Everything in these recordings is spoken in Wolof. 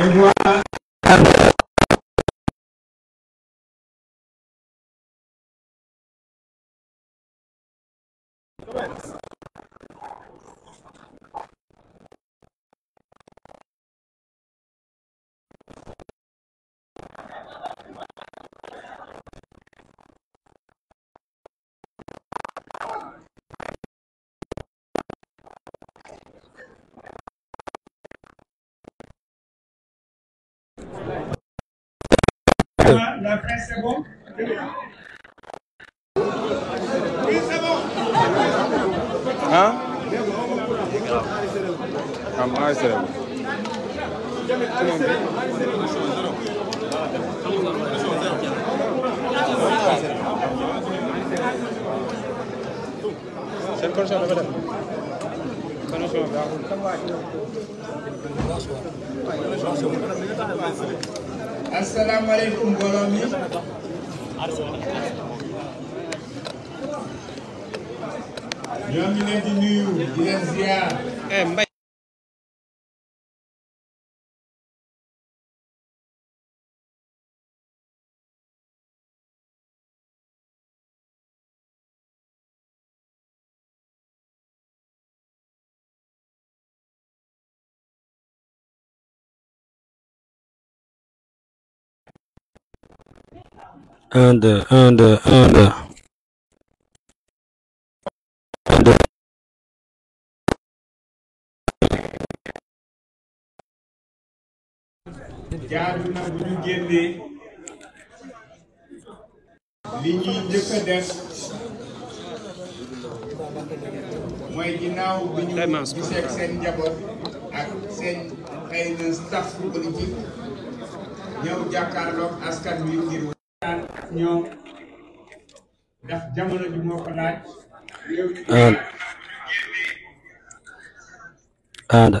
Et moi, c'est bon ah am ay serem seen condition dafa def condition baaxul asalaamaaleykum mbooloo mi ñoom ñu leen di nuyu di leen ziar eh, 1, 2, bu ñu génnee li ñuy njëkk a def mooy ginnaaw bi ñu gisee seen njaboot ak seen xëy na staff politique ñëw jàkkaarloog askan wi ngir ñoom aada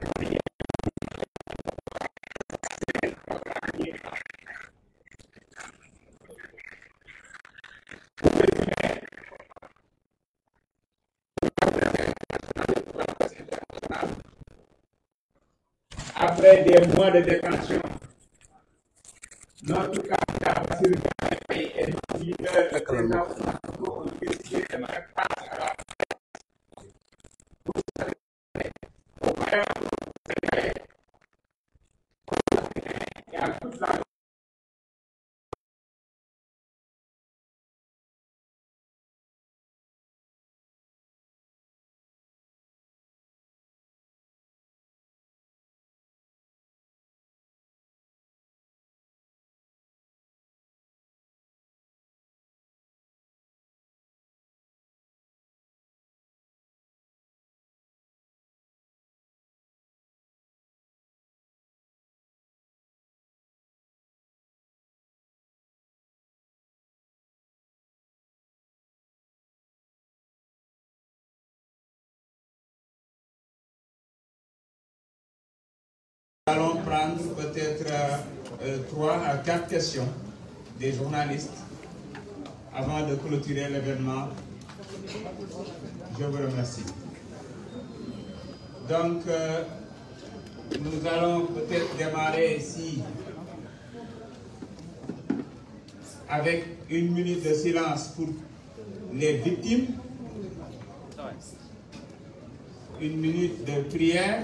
après des mois de détention. Notre candidat allons prendre peut-être euh, trois à quatre questions des journalistes avant de clôturer l'événement. Je vous remercie. Donc, euh, nous allons peut-être démarrer ici avec une minute de silence pour les victimes, une minute de prière.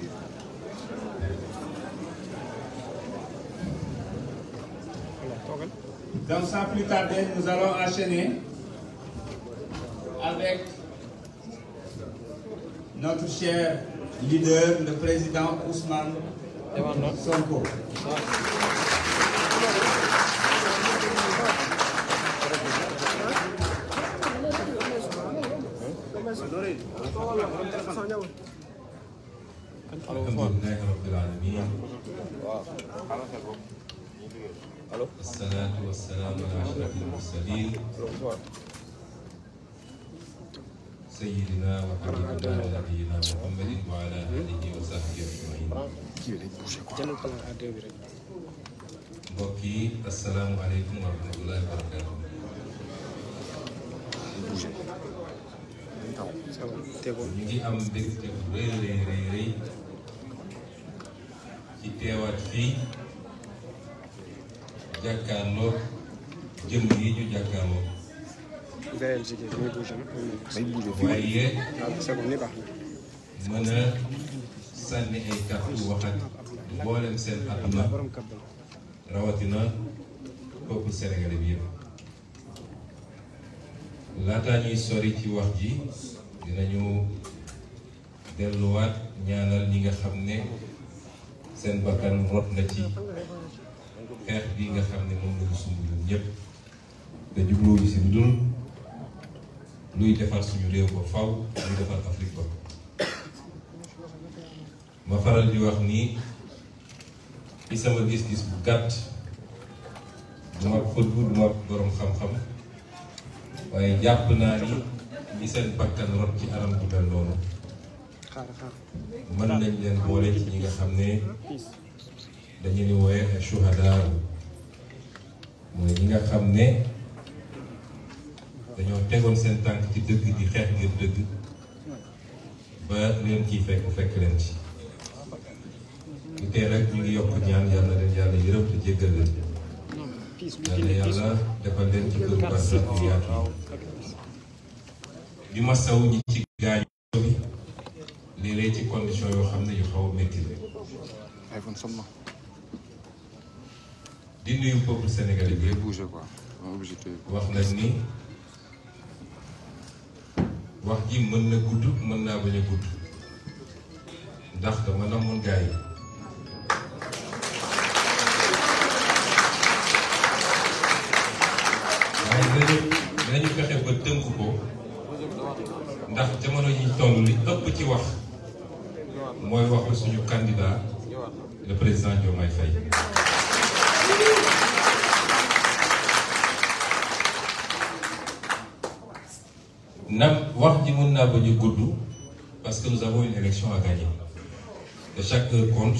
sans plus tarder, nous allons enchaîner avec notre cher leader, le président Ousmane Sonko. الحمد لله رب العالمين والصلاة والسلام على أشرف المرسلين سيدنا وحبيبنا ونبينا محمد وعلى آله وصحبه أجمعين. mbokk yi asalaamualeykum wa rahmatullahi wa barakaatu. ñu ngi am mbégte bu rëy rëy rëy ci teewaat fii. jàkkaarloo jëm yi ñu jàkkaarloo. waaye ah, mën a sànni ay kàddu wax ak mboolem seen àdduna rawatina peuple sénégalais bi yëpp. ñuy sori ci wax ji dinañu delluwaat ñaanal ñi nga xam ne seen bakkan rot na ci. xeex bii nga xam ne moom lañu sumb ñun ñëpp te jubluwuñu si lu dul luy defar suñu réew ba faw luy defar Afrique ba faral di wax nii ci sama gis-gis bu gàtt du ma fëggu du ma borom xam-xam waaye jàpp naa ni ñi seen bakkan rot ci anam bu mel noonu mën nañ leen boole ci ñi nga xam ne dañu ni wooye a shuhadaa mooy ñi nga xam ne dañoo tegoon seen tànk ci dëgg di xeex ngir dëgg ba leen ciy fekk fekk leen ci ñu tey rek ñu ngi yokk ñaan yal na leen yàlla yërëm te jéggal leen yal yàlla defal leen ci këru barsaq yu yaatu yi di masaw ñi ci gaañu bi léeg-léeg ci condition yoo xam ne yu xaw a métti la di nuyu peuple sénégalais bi wax na ni wax ji mën na gudd mën naa bañ a gudd ndax dama namoon gars yi waaye nañu fexe ba tënk ko ndax jamono yi toll li ëpp ci wax mooy waxu suñu candidat le président Diomaye Faye na wax ji mën naa bañ a gudd parce que nous avons une élection à gagner et chaque compte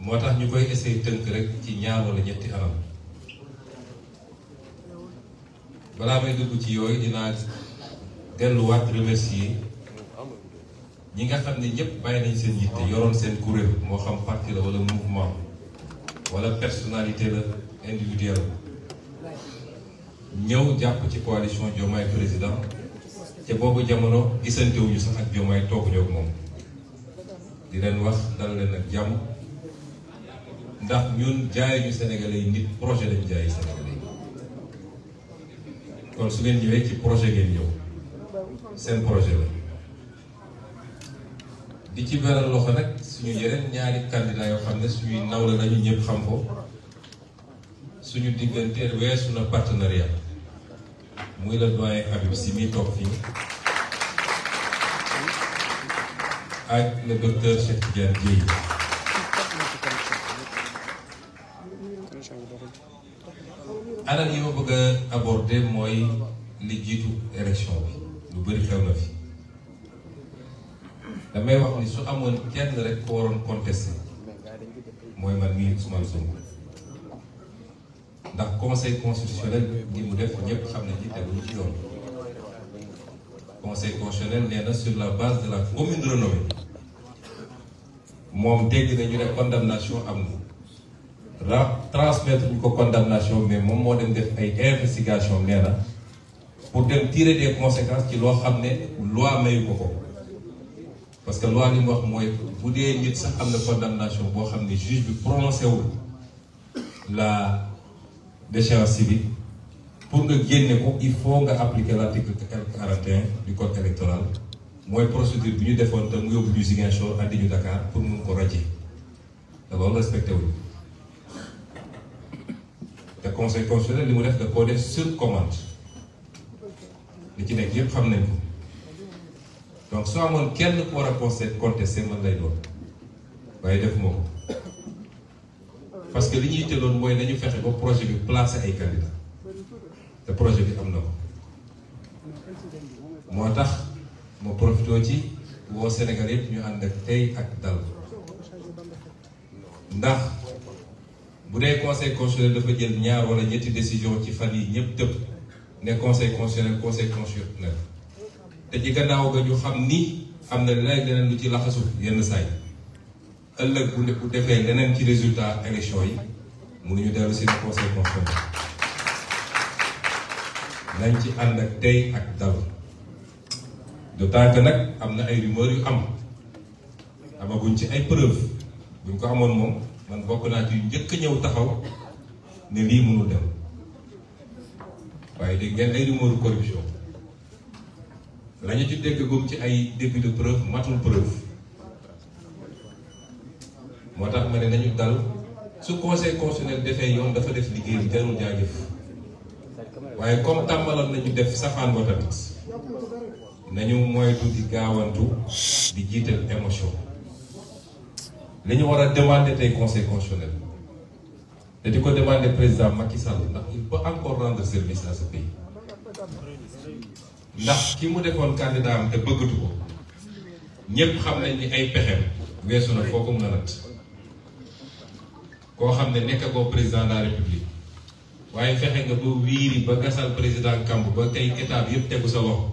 moo tax ñu koy essayer tënk rek ci ñaar wala ñetti anam balaa may dugg ci yooyu dinaa delluwaat remercier ñi nga xam ne ñëpp bàyyi nañ seen yitte yoroon seen kuréel moo xam parti la wala mouvement wala personnalité la. individuellement ñëw jàpp ci coalition Diomaye président ca boobu jamono gisantewuñu sax ak Diomaye tooguñoo ak moom di leen wax dal leen ak jàmm ndax ñun jaayuñu Sénégalais yi nit projet lañ jaayi Sénégalais yi kon su ngeen ñëwee ci projet ngeen ñëw seen projet la di ci beral loxo nag suñu yeneen ñaari candidat yoo xam ne suñuy naw la nañu ñëpp xam ko suñu digganteel weesu na partenariat muy la doyen Habib si fii ak le docteur Cheikh Tidiane Dièye anam yi ma mooy li jiitu bi lu bëri xew na fi damay wax ni su amoon kenn rek ko waroon mooy man mii Ousmane Sonko ndax conseil constitutionnel li mu def ñëpp xam nañ ci teguñu ci yoon conseil constitutionnel nee sur la base de la commune renommée moom dégg nañu ne condamnation am na ra transmettre ñu ko condamnation mais moom moo dem def ay investigation nee na pour dem tirer des conséquences ci loo xam ne loi mayu ko ko parce que loi li mu wax mooy bu dee nit sax am na condamnation boo xam ne juge bi prononcé wul la déchéance civique pour nga génne ko il faut nga appliquer l'article 41 du code électoral mooy procédure bi ñu defoon te mu yóbbu ñu Ziguinchor andi ñu Dakar pour mun ko radier te loolu respecté te conseil constitutionnel li def da koo def li ci nekk yëpp xam nañ ko donc soo amoon kenn ku war a conseil contesté man lay doon waaye defuma ko parce que li ñuy teeloon mooy nañu fexe ba projet bi placé ay candidats te projet bi am na ko moo tax ma profité ci woo Sénégal yëpp ñu ànd ak tey ak dal ndax bu dee conseil constitutionnel dafa jël ñaar wala ñetti décision ci fan yi ñëpp tëb ne conseil constitutionnel conseil constitutionnel te ci gannaaw ga ñu xam ni am na leneen leneen lu ci laxasu yenn saa yi ëllëg bu bu defee leneen ci résultat élection yi mënuñu dellu si conseil constitutionnel nañ ci ànd ak tey ak dal d'autant que nag am na ay rumeur yu am amaguñ ci ay preuve buñ ko amoon moom man bokk naa ci njëkk ñëw taxaw ne lii mënul dem waaye dégg ngeen ay rumeur corruption la ñu ci dégg gum ci ay début de preuve matul preuve moo tax ma ne nañu dal su conseil constitutionnel defee yoon dafa def liggéey jarul jaajëf waaye comme tàmbaloon nañu def safaan wa tamit nañu moytu di gaawantu di jiital émotion li ñu war a demande tey conseil constitutionnel da di ko demande président Macky Sall ndax il peut encore rendre service à ce pays ndax ki mu defoon candidat am te bëggatu ko ñépp xam nañ ni ay pexem weesu na foo ko mën a nat koo xam ne nekkagoo président de la république waaye fexe nga ba wiiri ba gasal président kamb ba tey état bi yëpp tegu sa loxo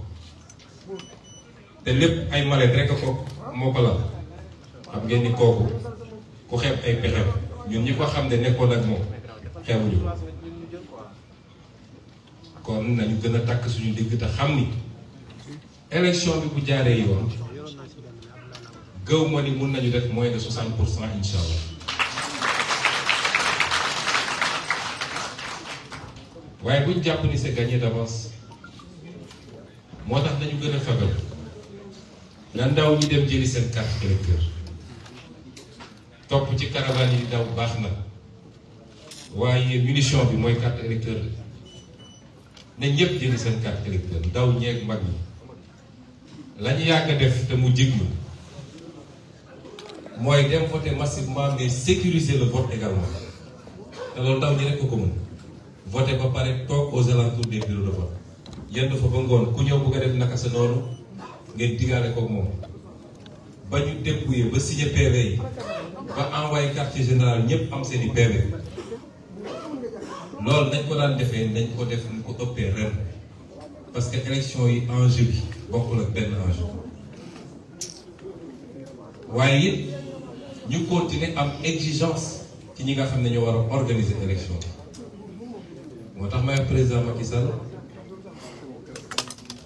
te lépp ay malet rek a ko moo ko lal xam ngeen ni kooku ku xeeb ay pexem ñun ñi ko xam ne nekkoon ak moom xeebuñu kon nañu gën a takk suñu digg te xam ni élection bi bu jaaree yoon gëw ma ni mun nañu rek mooy de 60 pour cent incha waaye buñ jàpp ni c'est gagné d'avance moo tax dañu gën a fegal na ndaw ñi dem jëli seen carte électeur topp ci caravane yi daw baax na waaye munition bi mooy carte électeur ne ñëpp jëli seen carte électeur ndaw ñeeg mag ñi la ñu yàgg a def te mu jig mooy dem voter massivement mais sécuriser le vote également te loolu ndaw ñi rek ko ko voté ba pare toog aux alentours des bureaux de vote yenn fa ba ngoon ku ñëw bëgg a def naka sa noonu ngeen digaale ko moom ba ñu dépouillé ba signé PV yi ba envoyé quartier général ñëpp am seen i PV loolu nañ ko daan defee nañ ko def ñu ko ëppee ren parce que élection yi enjeu bi bokkul ak benn enjeu waaye it ñu continuer am exigence ci ñi nga xam ne ñoo war a organiser élection bi moo tax may président Macky Sall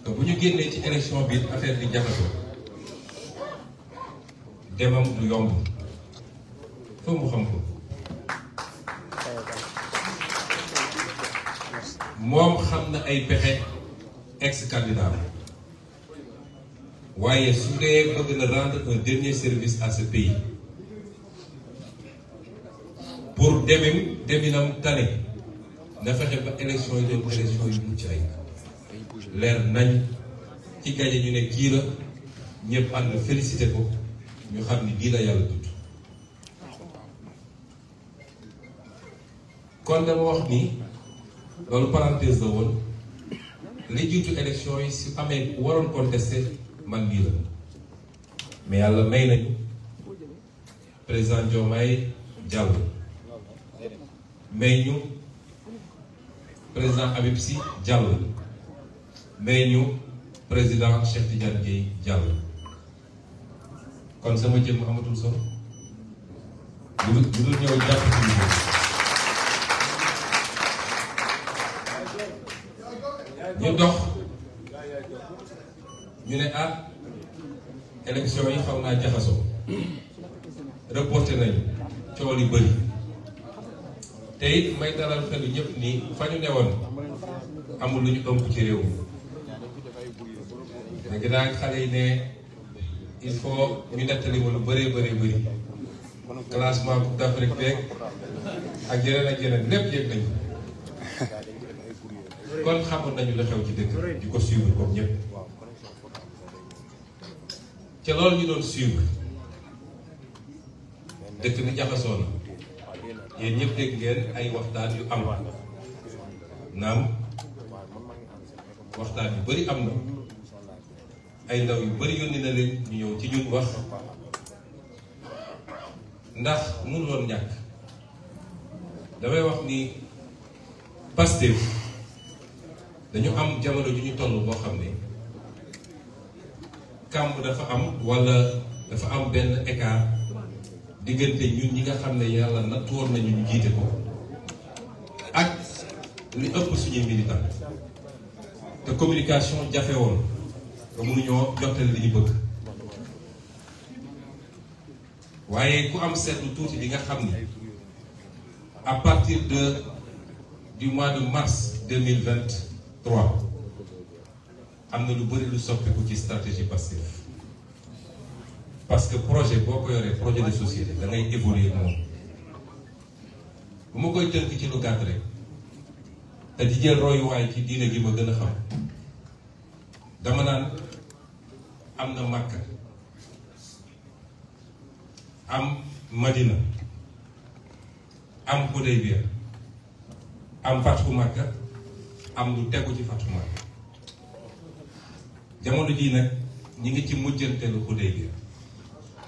que bu ñu génnee ci élection bi affaire bi jaxasoo demam yomb foofu mu xam ko moom xam na ay pexe ex candidat waaye su dee bëgg na rendre un dernier service à ce pour demim deminam tane na fexe ba élection yi doon élection yu mucc ay leer nañ ci gaje ñu ne kii la ñëpp ànd félicité ko ñu xam ni lii yàlla tudd kon dama wax ni loolu parenthèse la woon li jiitu élection yi si amee waroon contesté man lii la yàlla may nañu président Diomaye Diallo may ñu président Habib si Diallo may ñu président Cheikh Tidiane Gueye Diallo kon sama jëmm amatul solo lu dul ñëw jàpp ci ñu dox ñu ne ah élection yi xaw naa jaxasoo reporté nañu coow li bëri tey may dalal xelu ñëpp nii fa ñu newoon amul lu ñu ëmb ci réew mi léegi daal xale yi ne il faut ñu nettali ma lu bëree bëree bëri classement Coupe d'Afrique beeg ak yeneen ak yeneen lépp yëg nañu kon xamoon nañu la xew ci dëkk di ko suivre comme ñëpp ca loolu ñu doon suivre dëkk bi jaxasoo yéen ñëpp dégg ngeen ay waxtaan yu am naam waxtaan yu bari am na ay ndaw yu bëri yónni na leen ñu ñëw ci ñun wax ndax mënuloon ñàkk damay wax ni Pastef dañu am jamono ju ñu toll boo xam ne kàmb dafa am walla dafa am benn écart diggante ñun ñi nga xam ne yàlla nattoor nañu ñu jiite ko ak li ëpp suñuy militant te communication jafe woon ba mënuñoo jottale li ñu bëgg waaye ku am seetlu tuuti bi nga xam ne à partir de du mois de mars deux mille vingt trois am na lu bëri lu soppeeku ci stratégie Pastef parce que projet boo ko yoree projet de société da ngay évoluer moom bu ma koy tënk ci lu gàtt rek te di jël royuwaay ci diine gi ma gën a xam dama naan am na Makka am Madina am Hudaybiya am Fathu Makka am lu tegu ci Fathu Makka jamono jii nag ñi ngi ci mujjantelu Hudaybiya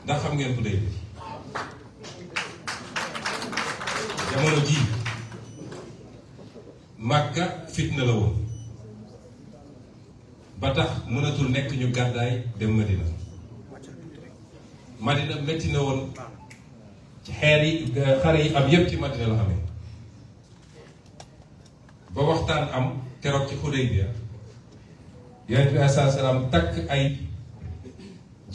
ndax xam ngeen ku day bi jamono ji màkka fitna la woon ba tax mënatul nekk ñu gàddaay dem Madina Madina métti na woon xeer yi xare yi am yépp ci Madina la amee ba waxtaan am keroog ci Xudaybiya yonent bi alayhi salaam takk ay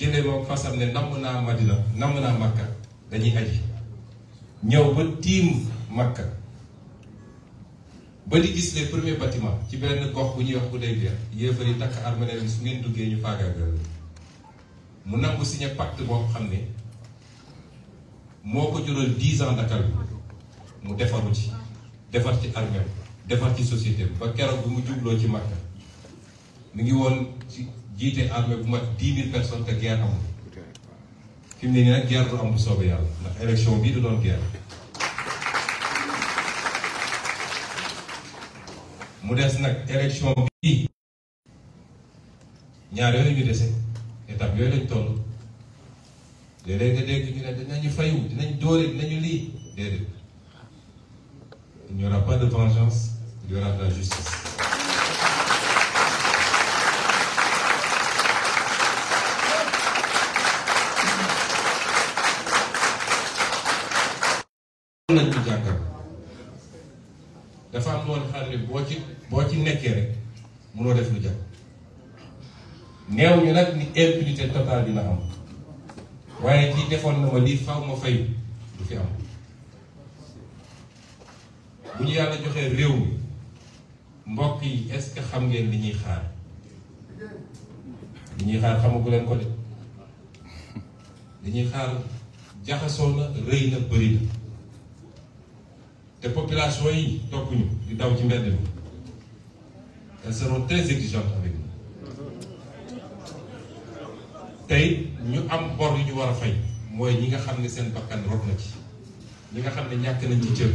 jëlee moom fasam ne namm naa Madina namm naa Makka dañuy aji ñëw ba tiim Makka ba di gis les premiers bâtiments ci benn gox bu ñuy wax Hudaybiya yéefar yi takk arme ne su ngeen duggee ñu faagaagal mu si signé pacte boo xam ne moo ko jural dix ans bi mu defaru ci defar ci armée defar ci société ba keroog bi mu jubloo ci Makka mi ngi woon ci. jiite armée bu mat dix mille te guerre amul fi mu ne nii nag am bu soobee yàlla ndax élection bii du doon guerre mu des nag élection bii ñaar yooyu ñu dese étape yooyu lañ toll léeg-léeg nga dégg ñu ne dinañu fayu dinañ dóore dinañu lii déedéet il n'y aura pas de vengeance il y aura justice nañ ci jàngal dafa am loolu xam ne boo ci boo ci nekkee rek mënoo def lu jàpp neew nag ni impunité totale dina am waaye ci defoon na ma lii faw ma fay du fi am bu ñu yàlla joxee réew mi mbokk yi est-ce xam ngeen li ñuy xaar li ñuy xaar xamagu leen ko de li ñuy xaar jaxasoo na rëy na bëri na te population yi toppuñu di daw ci mbedd mi elles seront très tey ñu am bor yu ñu war a fay mooy ñi nga xam ne seen bakkan rot na ci ñi nga xam ne ñàkk nañ ci cër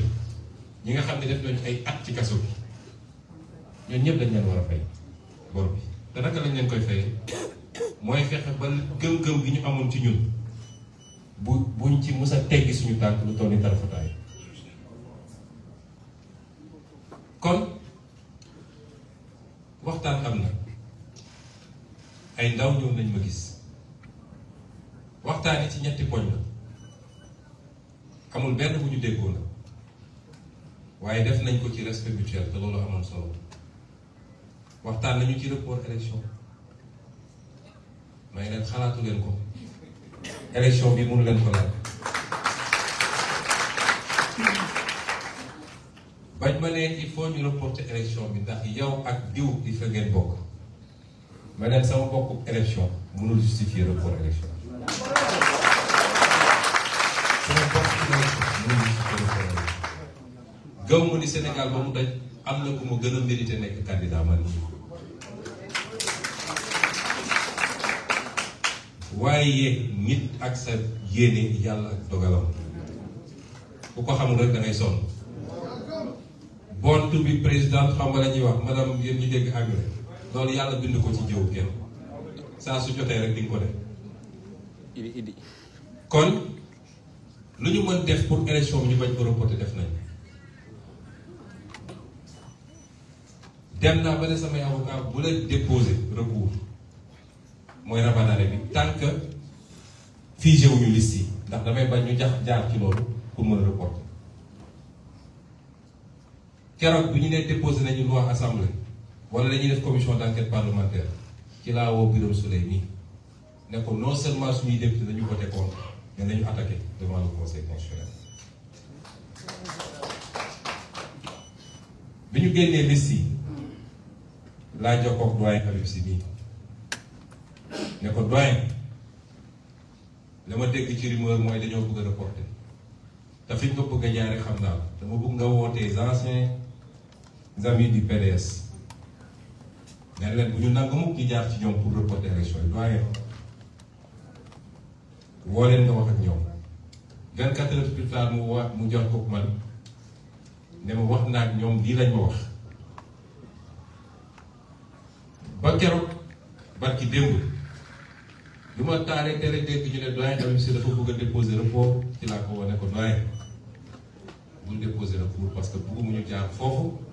ñi nga xam ne def nañu ay at ci kaso bi ñoom ñëpp dañ leen war a fay bor bi te naka lañ leen koy fayee mooy fexe ba gëm-gëm gi ñu amoon ci ñun bu buñ ci mës a teggi suñu tànk lu toll ni tarafataay kon waxtaan am na ay ndaw ñëw nañ ma gis waxtaan yi ci ñetti poñ la amul benn bu ñu déggoo la waaye def nañ ko ci respect mutuel te loolu solo waxtaan nañu ci report élection may leen xalaatu ko élection bi mun leen ko laaj bañ ma ne il faut ñu reporter bi ndax yow ak diw di fa ngeen bokk ma ne sama bokk élection mënul justifier report élection sama bokk élection ni Sénégal ba mu daj am na ku mu gën a mérité nekk candidat man waaye nit ak sa yéene yàlla ak ku ko xamul rek da sonn born to be président xam nga la ñuy wax madame yéen ñu dégg anglais loolu yàlla bind ko ci jëw kenn saa su jotee rek di ko def. idi idi kon lu ñu mën def pour élection bi bañ ko reporter def nañ dem naa ba ne samay avocat bu la déposé recours tant que figé wuñu liste yi ndax damay bañ ñu jax jaar ci loolu pour mën a reporter keroog bi ñu nee déposé nañu loi assemblée wala dañuy def commission d' enquête parlementaire ci laa woo Birame Souleye nii ne ko non seulement suñuy député dañu voté contre mais nañu attaqué devant le conseil constitutionnel. bi ñu génnee liste yi laa jokkoog doyen Habib Sy nii ne ko doyen li ma dégg ci rumeur mooy dañoo bëgg a reporter te fi ñu ko bëgg a jaaree xam naa dama bëgg nga wootee anciens. amis du PDS ne leen bu ñu nangu mukk ñu jaar ci ñoom pour reporter élection yi doyen woo leen nga wax ak ñoom 24 heures plus mu wax mu jox ko man ne ma wax naa ak ñoom lii lañ ma wax ba keroog barki démb lu ma taaree tere dégg ñu ne doyen Habib Sy dafa bëgg a déposer recours ci laa ko wane ko doyen bul déposer recours parce que bëggu mu ñu jaar foofu.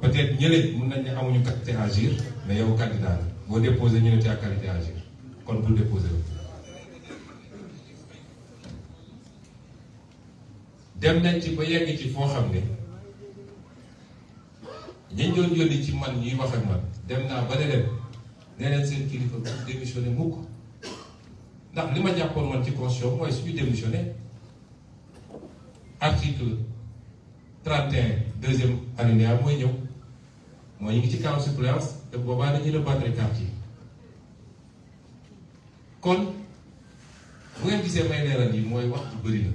peut-être ñële mun nañ ne amuñu qualité agir mais yow candidat la boo déposé ñu ne tu as qualité agir kon bul déposé dem nañ ci ba yegg ci foo xam ne ñi doon yónni ci man ñuy wax man dem naa ba ne leen ne leen seen kilifa bu démissionné ndax li ma jàppoon man ci constitution mooy suñu démissionné article 31 deuxième alinéa mooy ñëw. mooy ñu ngi ci kaw suppléance te boobaa dañuy rabattre carte yi kon bu ngeen gisee may yi mooy wax ju bëri na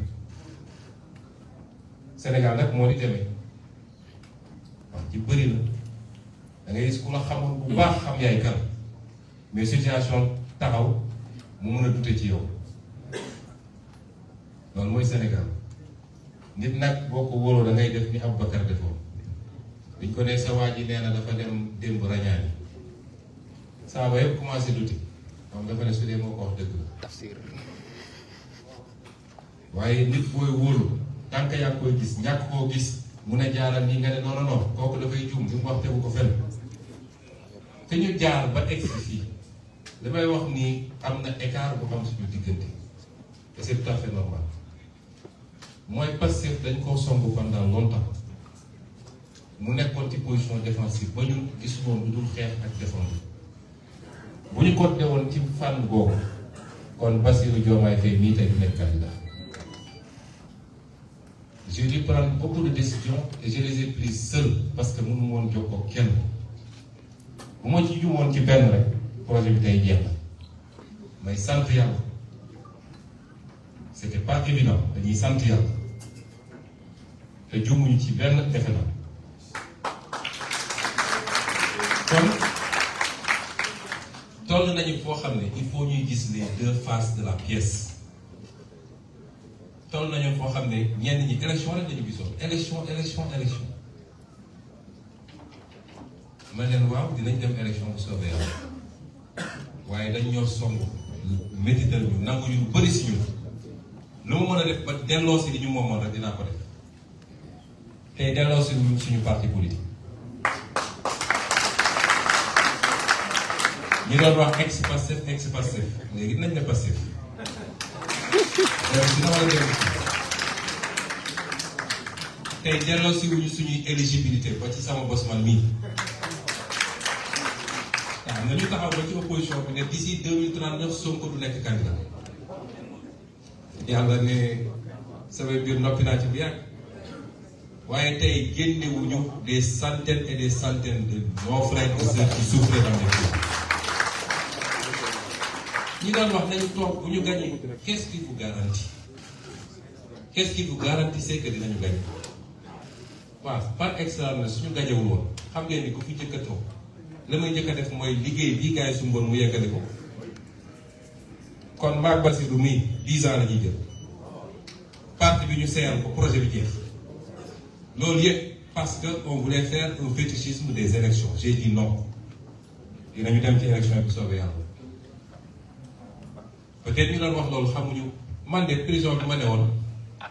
Sénégal nag moo di demee wax ji bëri na da ngay gis ku la xamoon xam yaay kan mais situation taxaw mu mën a dute ci yow loolu mooy Sénégal nit nak boo ko wóoroo da ngay def ni Aboubacar defoon. biñ ko nee sa waa ji nee na dafa dem démb rañaani saa ba yëpp commencé lutti moom dafa ne su dee moo ko wax dëgg waaye nit booy wóolu tànk yaa koy gis ñàkk koo gis mun a jaaral nii nga ne noonu noonu kooku dafay juum li mu wax tegu ko fenn te ñu jaar ba egsi fii li wax nii am na écart bu xam suñu diggante et c'est tout normal mooy Pastef dañ koo somb pendant longtemps mu nekkoon ci position défensive ba ñu gisuloon lu dul xeex ak défendre bu ñu continué woon ci fànn boobu kon Bassirou Diomaye Faye mii tey du nekk candidat j'ai dû prendre beaucoup de décisions et je les ai prises seul parce que mënu woon jokkoo kenn bu ma ci jumoon ci benn rek projet bi tey jeex na may sant yàlla c'était pas évident dañuy sant yàlla te jumuñu ci benn defe na kon toll nañu foo xam ne il faut ñuy gis les deux faces de la pièce toll nañu foo xam ne ñenn ñi élection rek lañu gisoon élection élection élection ma leen waaw dinañ dem élection bu soobee yàlla waaye dañ ñoo song métital ñu nangu ñu lu si ñu lu mu mën a def ba li ñu moomoon rek dinaa ko def tey delloo si suñu parti ñi doon wax ex Pastef ex Pastef nañ ne Pastef donc dina war a dem tey delloo wuñu suñuy éligibilité ba ci sama bos man mii waaw am na taxaw ba ci opposition bi ne d'ici deux mille trente neuf Sonko du nekk candidat yàlla ne samay biir noppi naa ci bu yàgg waaye tey génnewuñu des centaines et des centaines de nos frères et sœurs qui li doon wax nañu toog bu ñu gagné qu'est-ce qui vous garantit qu'est-ce qui dinañu gagné waaw par excellence suñu gagné xam ngeen ni ku fi njëkk toog la may njëkk def mooy liggéey bii gars yi su mboon mu yeggale ko kon Maag Basirou mii 10 ans la ñuy jël parti bi ñu seeyal ko projet bi jeex loolu yëpp parce que on voulait faire un fétichisme des élections j'ai dit non dinañu dem ci élection bi soobee peut-être ñu doon wax loolu xamuñu man de prison bi ma ne woon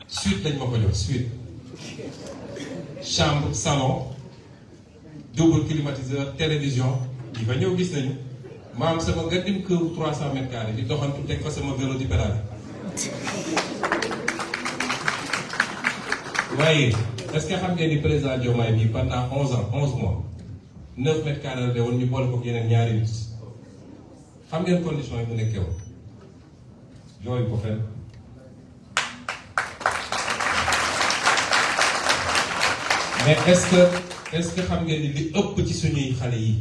suite lañ ma ko jox suite chambre salon double climatiseur télévision yi fa ñëw gis nañu maam sama nga dim këru 300 mètres carrés di doxantu teg fa sama vélo di pédale waaye est-ce que xam ngeen ni président Diomaye bi pendant 11 ans 11 mois 9 mètres la de woon ñu boole ko yeneen ñaari nit xam ngeen condition yi mu nekkee woon jooyu ko fenn mais est-ce que est-ce que xam ngeen ni li ëpp ci suñuy xale yi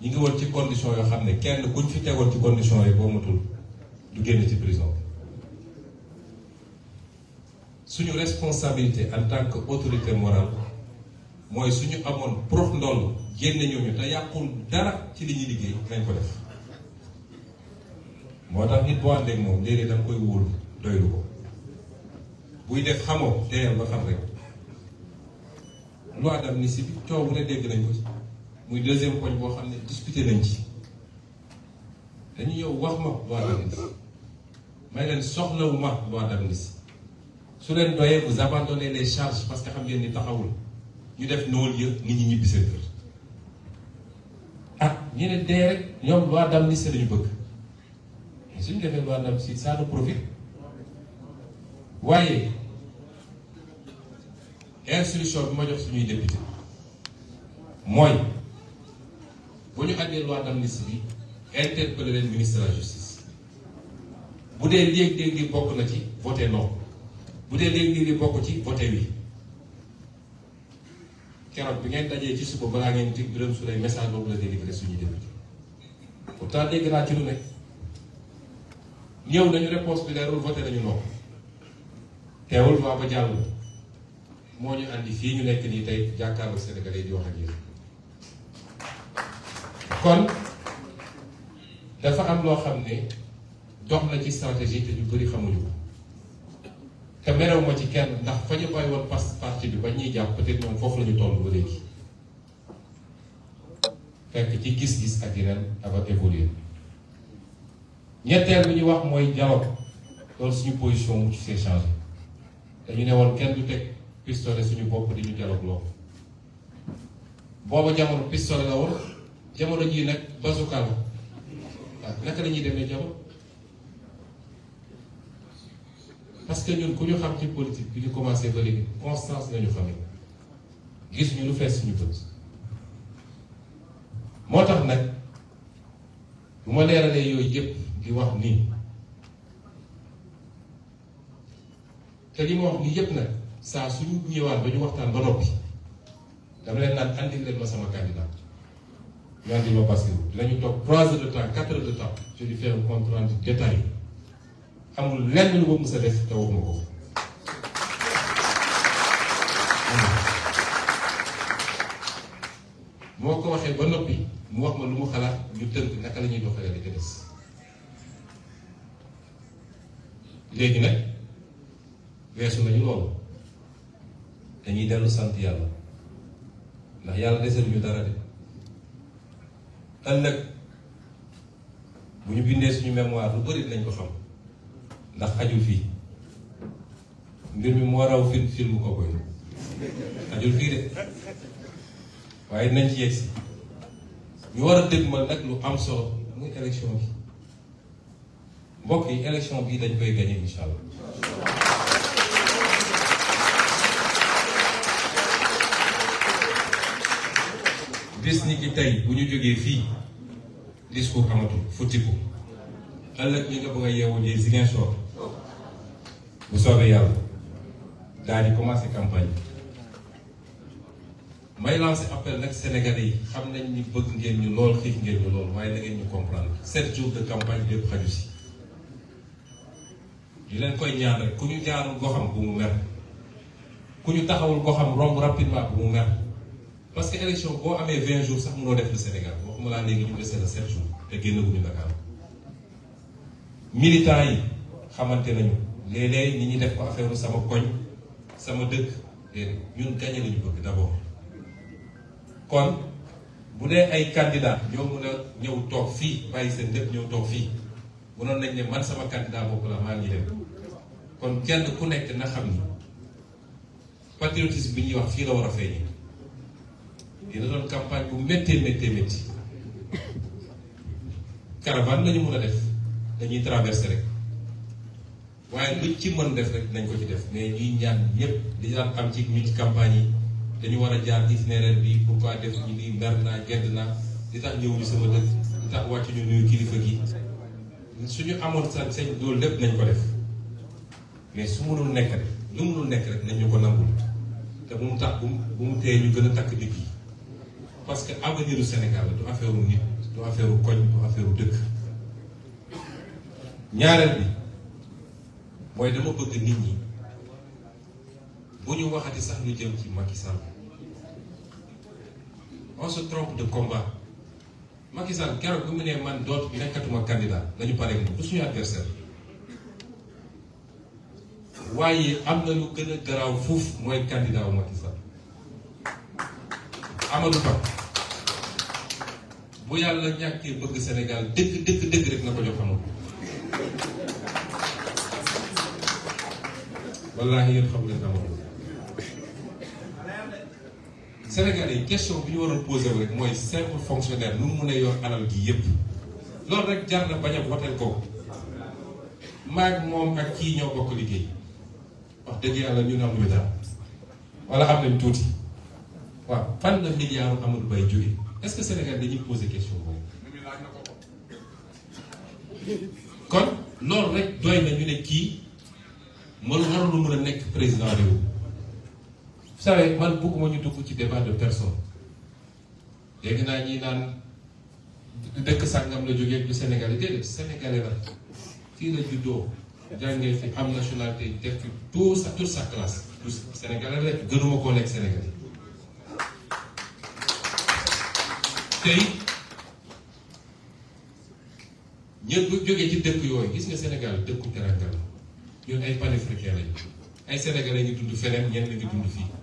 ñu ngi woon ci condition yoo xam ne kenn kuñ fi tegoon ci condition yi boo matul du génn ci prison suñu responsabilité en tant que autorité morale mooy suñu amoon prof ndoll génne ñooñu te yàqul dara ci li ñuy liggéey nañ ko def moo tax nit boo ànd ak moom léeg-léeg danga koy wóolu doylu ko buy def xamoo teeyal ba xam rek loi d'amnistie bi coow bu ne dégg nañ ko ci muy deuxième poñ boo xam ne discuté nañ ci dañuy yow wax ma loi d'amnistie may leen soxlawu ma loi d'amnistie su leen doyee vous abandonnez les charges parce que xam ngeen ni taxawul ñu def nool yëpp nit ñi ñibbi seen kër ah ñu ne dee rek ñoom loi d'amnistie lañu bëgg suñ defee loi d'amnistie ça nous profite waaye instruction bi ma jox suñuy député mooy bu ñu àndee loi d'amnistie bi interpellé leen ministre de la justice bu dee léeg-léeg li bokk na ci voté non bu dee léeg-léeg li bokk ci voté oui keroog bi ngeen dajee ci suba balaa ngeen dig Birame Souleye message boobu la délivré suñuy député pourtant dégg naa ci lu nekk. yow nañu réponse bi leerul voté nañu non ba jàll moo ñu andi fii ñu nekk nii tey jàkkaarloo Sénégalais di wax ak yéen kon dafa am loo xam ne dox na ci stratégie te ñu bëri xamuñu ko te merew ma ci kenn ndax fa ñu bàyyi woon pas parti bi ba ñuy jàpp peut-être foofu la ñu toll ba léegi fekk ci gis-gis ak yeneen dafa évolué. ñetteel bi ñu wax mooy dialogue loolu suñu position mu ci s'est changé dañu ne woon kenn du teg pistolet suñu bopp di ñu dialogue loo booba jamono pistolet la woon jamono jii nag bazooka la waaw naka la ñuy demee dialogue parce que ñun ku ñu xam ci politique bi ñu commencé ba léegi constance nañu xamee gis ñu lu fees suñu bët moo tax nag bu ma leeralee yooyu yëpp. di wax nii te li ma wax nii yëpp nag saa suñu ñëwaat ba ñu waxtaan ba noppi dama leen naan andil leen ma sama candidat ñu andil ma Bassirou dinañu toog trois heures de temps quatre heures de temps je lui fais un amul lenn lu ko mës def te waxuma ko moo ko waxee ba noppi mu wax ma lu mu xalaat ñu tënk naka la ñuy doxalee li des léegi nag weesu nañu loolu dañuy dellu sant yàlla ndax yàlla desal ñu dara de ëllëg bu ñu bindee suñu mémoire lu bëri nañ ko xam ndax xajul fii mbir mi moo raw film film ko koy xajul fii de waaye dinañ ci yegg ñu war a dëgmal nag lu am solo muy élection bi mbokk yi élection bii dañ koy gagné incha allah. bis ni bu ñu jógee fii discours amatul futtiku ëllëg ñu nga bëgg a yeewu ji Ziguinchor bu soobee yàlla daal di commencé campagne may lancé appel nag Sénégalais yi xam nañ ni bëgg ngeen ñu lool xiif ngeen ñu lool waaye da ñu comprendre sept jours de campagne lépp xaju si. di leen koy ñaan rek ku ñu jaarul goxam bu mu mer ku ñu taxawul goxam romb rapidement bu mu mer parce que élection boo amee 20 jours sax mënoo def le Sénégal waxuma laa léegi ñu dese la 7 jours te génnaguñu Dakar militants yi xamante nañu léeg-léeg nit ñi def ko affaire sama koñ sama dëkk déedéet ñun gagné lañu bëgg d'abord kon bu dee ay candidats ñoo mën a ñëw toog fii bàyyi seen dëkk ñëw toog fii. mënoon nañ ne man sama candidat boobu la maa ngi dem kon kenn ku nekk na xam ni patriotisme bi ñuy wax fii la war a feeñee dina doon campagne bu méttee méttee métti caravane la ñu mën a def dañuy traversé rek waaye luñ ci mën def rek nañ ko ci def mais ñuy ñaan ñëpp di daan am ci ñu ci campagne yi dañu war a jaar itinéraire bi pourquoi def ñu ni mer naa gedd naa di tax ñëw ñu sama dëkk di tax wàcc ñu kilifa gi suñu amoon sa sañ loolu lépp nañ ko def mais su mënul nekk rek lu mënul nekk rek nañ ñu ko nangul te bu mu tax bu mu tee ñu gën a takk nit yi parce que avenir u Sénégal la du affaire nit du affaire koñ du affaire dëkk ñaareel bi mooy dama bëgg nit ñi bu ñu waxati sax ñu jëm ci Macky Sall on se trompe de combat Macky Sall keroog bi mu ne man doot nekkatuma candidat dañu pare moom du suñu adversaire waaye am na lu gën a garaaw fuuf mooy candidat wu Macky Sall Ba bu yàlla ñàkkee bëgg Sénégal dëgg dëgg dëgg rek na ko jox Amadou wallaahi yéen xam leen Amadou Sénégalais yi question bi ñu waroon posé rek mooy simple fonctionnaire nu mu mën a yor alal gi yépp loolu rek jar bañ a votel ko maag moom ak kii ñoo bokk liggéey wax dëgg yàlla ñu ne amuñu dara wala am nañ tuuti waaw fan la milliard Amadou Baye jóge est-ce que Sénégal dañuy poser question boobu kon loolu rek doy na ñu ne kii man warul mën a nekk président réew vous savez man bëgguma ñu dugg ci débat de personne dégg naa ñi naan dëkk sàngam la jógee du Sénégalais déedéet Sénégalais la fii la juddoo jàngee fi am nationalité def fi tout jógee ci dëkk yooyu gis nga Sénégal dëkku teranga la ñun ay panafricains ay sénégalais ngi dund feneen ñenn ngi dund fii.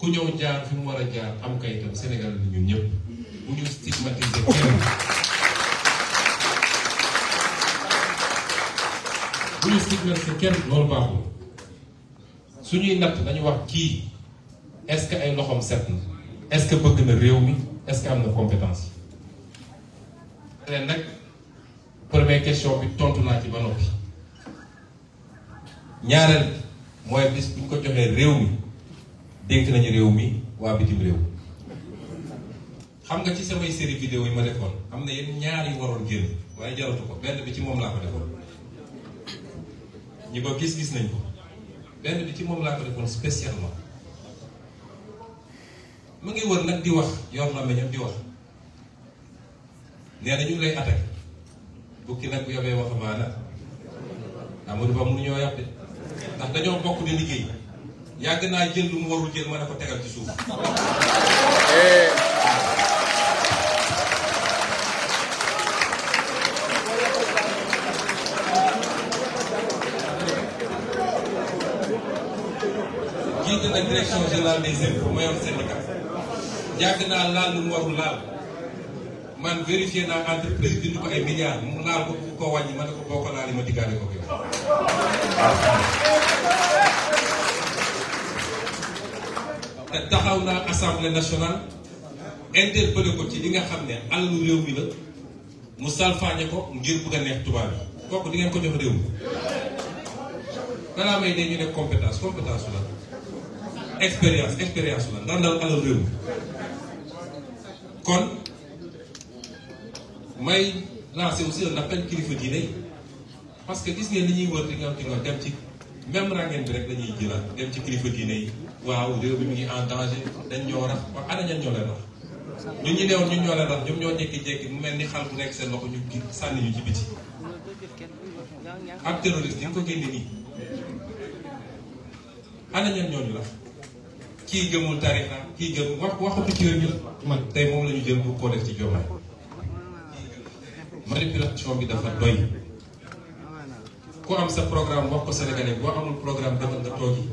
ku ñëw jaar fi mu war a jaar am kayitam Sénégal la ñun ñëpp bu ñu stigmatiser kenn bu ñu stigmatiser kenn loolu baaxul suñuy natt dañu wax kii est-ce que ay loxom set na est-ce que bëgg na réew mi est-ce que am na compétence yi leen nag première question bi tontu naa ci ba noppi ñaareel mooy bis bu ñu ko joxee réew mi dénk nañu réew mi waa bitim réew xam nga ci samay série vidéo yi ma defoon am na yenn ñaar yu waroon génn waaye jaratu ko benn bi ci moom laa ko defoon ñi gis-gis nañ ko benn bi ci moom laa ko defoon spécialement mu ngi wër nag di wax yor na meñam di wax nee na ñu ngi lay attaqué bukki nag bu yobee waxamaana Amadou Ba mënuñoo yàpp de ndax dañoo bokk di liggéey yàgg naa jël lu warul jël ma dafa tegal ci suuf jiite na direction générale des impôts ma yor syndicat yàgg naa laal lu warul laal man vérifié naa entreprise bi ko ay milliards mu laal ko bu ko wàññi ma ne ko boo ko laalee ma diggaale ko yow te taxaw naa assemblée nationale interpellé ko ci li nga xam ne alalu réew mi la mu salfaañe ko ngir bëgg a neex tubaab yi kooku di ko jox réew mi balaa may ne ñu ne compétence compétence la expérience expérience la ndax ndax alalu réew mi kon may lancé aussi un appel kilifa diine yi parce que gis ne li ñuy wër di nga am ci nga dem ci même rangeen bi rek la ñuy dem ci kilifa diine yi waaw réew mi mu ngi en danger dañ ñoo rax wax ana ñan ñoo leen rax ñun ñi deewoon ñoo leen rax ñoom ñoo jékki-jékki mu mel ni xal nekk seen loxo ñu gi sànni ñu ci biti ab terroriste ñu ko génne nii ana ñan ñoo ñu rax kii gëmul tarixa kii gëm wax waxatu ci yooyu la man tey moom la ñu jël bu ko def ci Diomaye manipulation bi dafa doy ku am sa programme wax ko sénégalais boo amul programme dafa nga toogi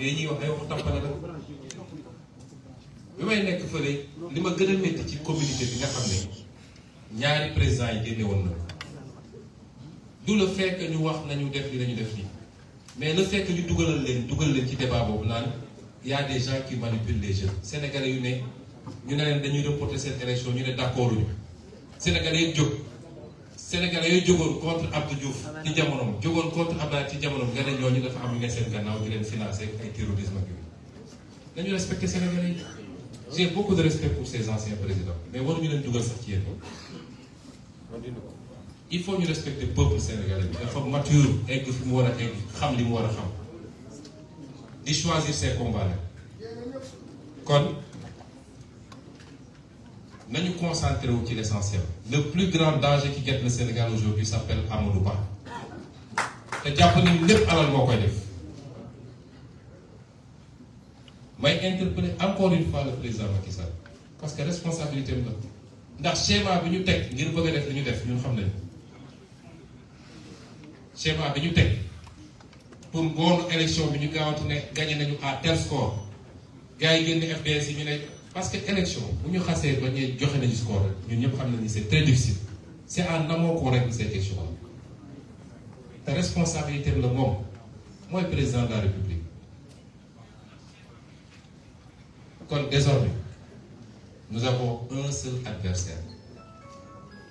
yooyu ñuy wax ay waxu tampale la bi may nekk fële li ma gën a métti ci communauté bi nga xam ne ñaari président yi génne woon na du le fekk ñu wax nañu def li nañu def nii mais le fait que ñu dugalal leen dugal leen ci débat boobu naan y a des gens qui manipulent les jeunes sénégalais yu ne ñu ne leen dañuy reporter seen élection ñu ne d'accord uñu sénégalais yëpp jóg sénégal yooyu jógoon contre Abdou Diouf ci jamonoom jógoon contre Abdoulaye ci jamonoom nga ne ñooñu dafa am ne seen gannaaw di leen financé ay terrorisme ak yooyu nañu respecté Sénégalais yi j'ai beaucoup de respect pour ces anciens présidents mais waruñu leen dugal sax ci il faut ñu respecter peuple sénégalais bi dafa mature egg fi mu war a egg xam li mu war a xam di choisir ses combats la kon nañu concentré wu ci l'essentiel le plus grand danger qui guette le Sénégal aujourd'hui s'appelle Amadou Ba te jàpp ni lépp alal moo koy def may interpeller encore une fois le président Macky Sall parce que responsabilité am la ndax schéma bi ñu teg ngir bëgg a def li ñu def ñun xam nañu schéma bi ñu teg pour ngoonu élection bi ñu gaawante ne gagné nañu à tel score gars yi génn FDS yi ñu ne. parce que élection bu ñu xasee ba ñuy joxe nañu score rek ñu ñëpp xam nañu c'est très difficile c'est en amont qu'on règle ces questions te responsabilité la moom mooy président de la république kon désormais nous avons un seul adversaire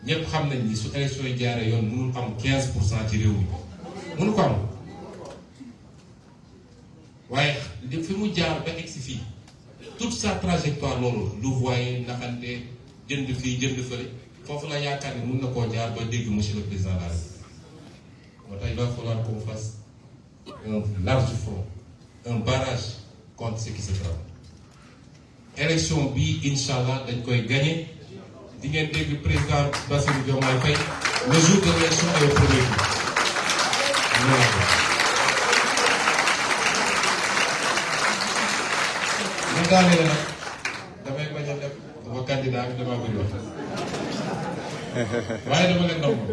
ñëpp xam nañ ni su élection yi jaaree yoon mënul am quinze pour cent ci réew mi mënu ko am waaye fi mu jaar ba egsi fii tout sa trajectoire loolu lu voyé naxante jënd fii jënd fële foofu la yaakaar ni mun na koo jaar ba dégg monsieur le président de la moo tax il va falloir qu'on fasse large front un barrage contre ce qui bi incha dañ koy gagné di dégg président Bassirou Diomaye Faye le jour de l'élection est au premier tour bu daanee nag damay bañ a def sama candidat bi damaa bëri wax waaye dama leen nangu.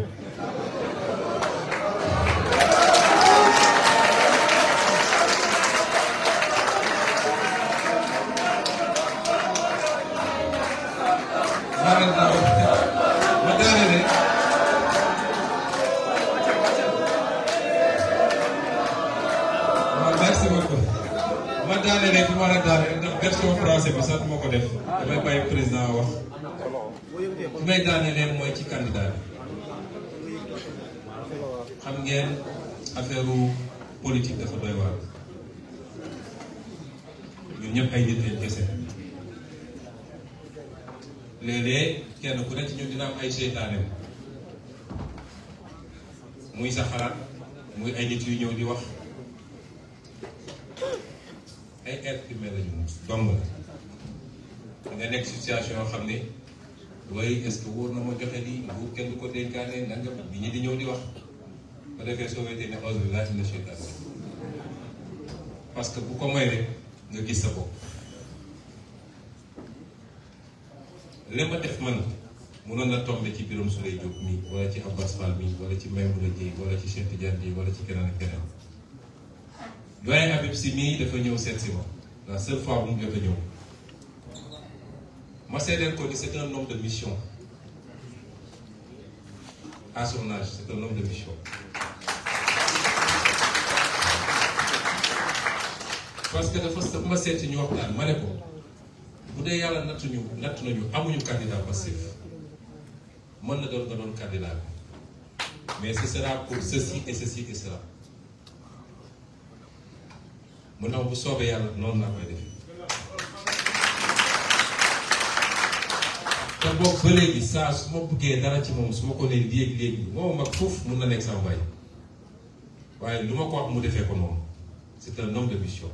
version français bi sax moo ko def damay bàyyi président wax fi may daane leen mooy ci candidat xam ngeen affaire politique dafa doy waar ñun ñëpp ay nit lañ kese léeg kenn ku nekk ñun dina am ay seytaane muy sa muy ay nit yu ñëw di wax ay air primaire la ñu dong la nga nekk situation yoo xam ne waaye est-ce wóor na ma joxe lii bu kenn ko dénkaane nanga bi ñu di ñëw di wax ko defee soo wetee ne a'uuzu billaahi bu ko nga gis sa bopp li ma def man mënoon na tombe ci biirum Souleye Diop mi wala ci Abbas Fall mi wala ci Maimouna Dieye wala ci Cheikh Tidiane Dieye wala ci keneen ak keneen doyen Habib Sy mii dafa ñëw seet si ma la seule fois bu mu jot a ñëw ma seedeel ko ni c'est un de mission parce que dafa sa ma seeti ñu waxtaan ma ne ko bu dee yàlla nattuñu natt nañu amuñu candidat passif mën na doon nga doon candidat bi mais ce sera pour ceci et ceci et cela mu ne ma bu soobee yàlla noonu laa koy def te boobu ba léegi saa su ma bëggee dara ci moom su ma ko nee léegi léegi moom mag foofu mun na nekk sama baay waaye lu ma ko wax mu defee ko moom c'est un homme de mission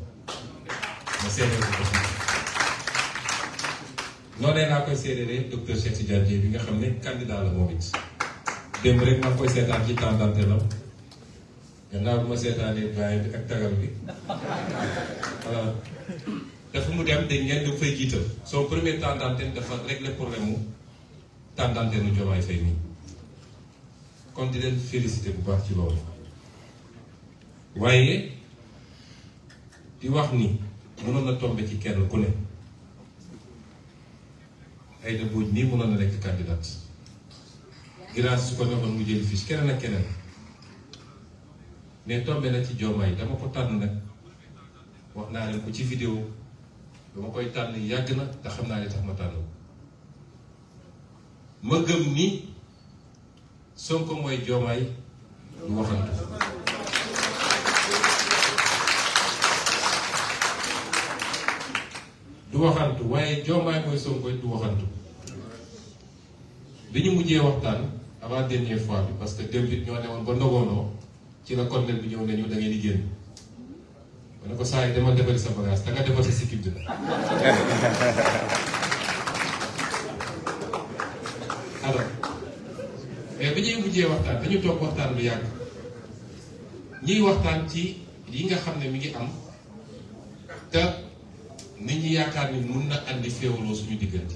ma seedeel ko ko noonee laa koy seedeelee docteur Cheikh Tidiane Dièye bi nga xam ne candidat la moom it démb rek maa koy seetaan ci temps d'antenne gannaaw bi ma seetaanee bàyyi bi ak tagal bi dafa mu dem dañ ngeen di fay jiital son premier temps d'antenne dafa régler problème mu temps d'antenne nu Diomaye nii kon di leen félicité bu baax ci loolu waaye di wax ni mënoon na tombe ci kenn ku ne ay da buuj nii mënoon na nekk candidat grâce su ko neexoon mu jëli fiche keneen ak keneen mais tombé na ci Diomaye dama ko tànn nag wax naa leen ko ci vidéo dama koy tànn yàgg na te xam naa li tax ma tànn ko ma gëm ni Sonko mooy Diomaye lu du waxantu waaye Diomaye mooy Sonko du waxantu bi ñu mujjee waxtaan avant dernière fois bi parce que démb it ñoo ne woon ba ndogoonoo ci la colonel bi ñëw nañu da ngeen di ne ko saa yi demal defari sa bagage da nga defar sa sikkim dina alors mais bi ñuy mujjee waxtaan dañu toog waxtaan lu yàgg ñuy waxtaan ci li nga xam ne mi ngi am te nit ñi yaakaar ni mun na andi féewaloo suñu diggante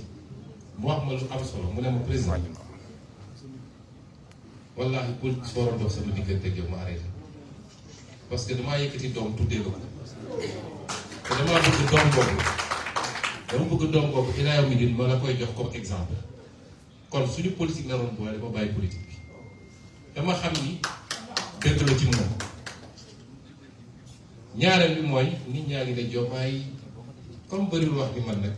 mu wax ma lu am solo mu ne ma président wallaahi politique su dox sama diggante ak yow ma arrêté parce que damaa yëkkati doom tuddee ko te damaa bëgg doom boobu dama bëgg doom boobu ilaa yow mi la koy jox comme exemple kon suñu politique naroon boole ma bàyyi politique bi dama xam ni dëgg la ci moom ñaareel bi mooy nit ñaa ngi ne Diomaye comme bëriwul wax bi man nag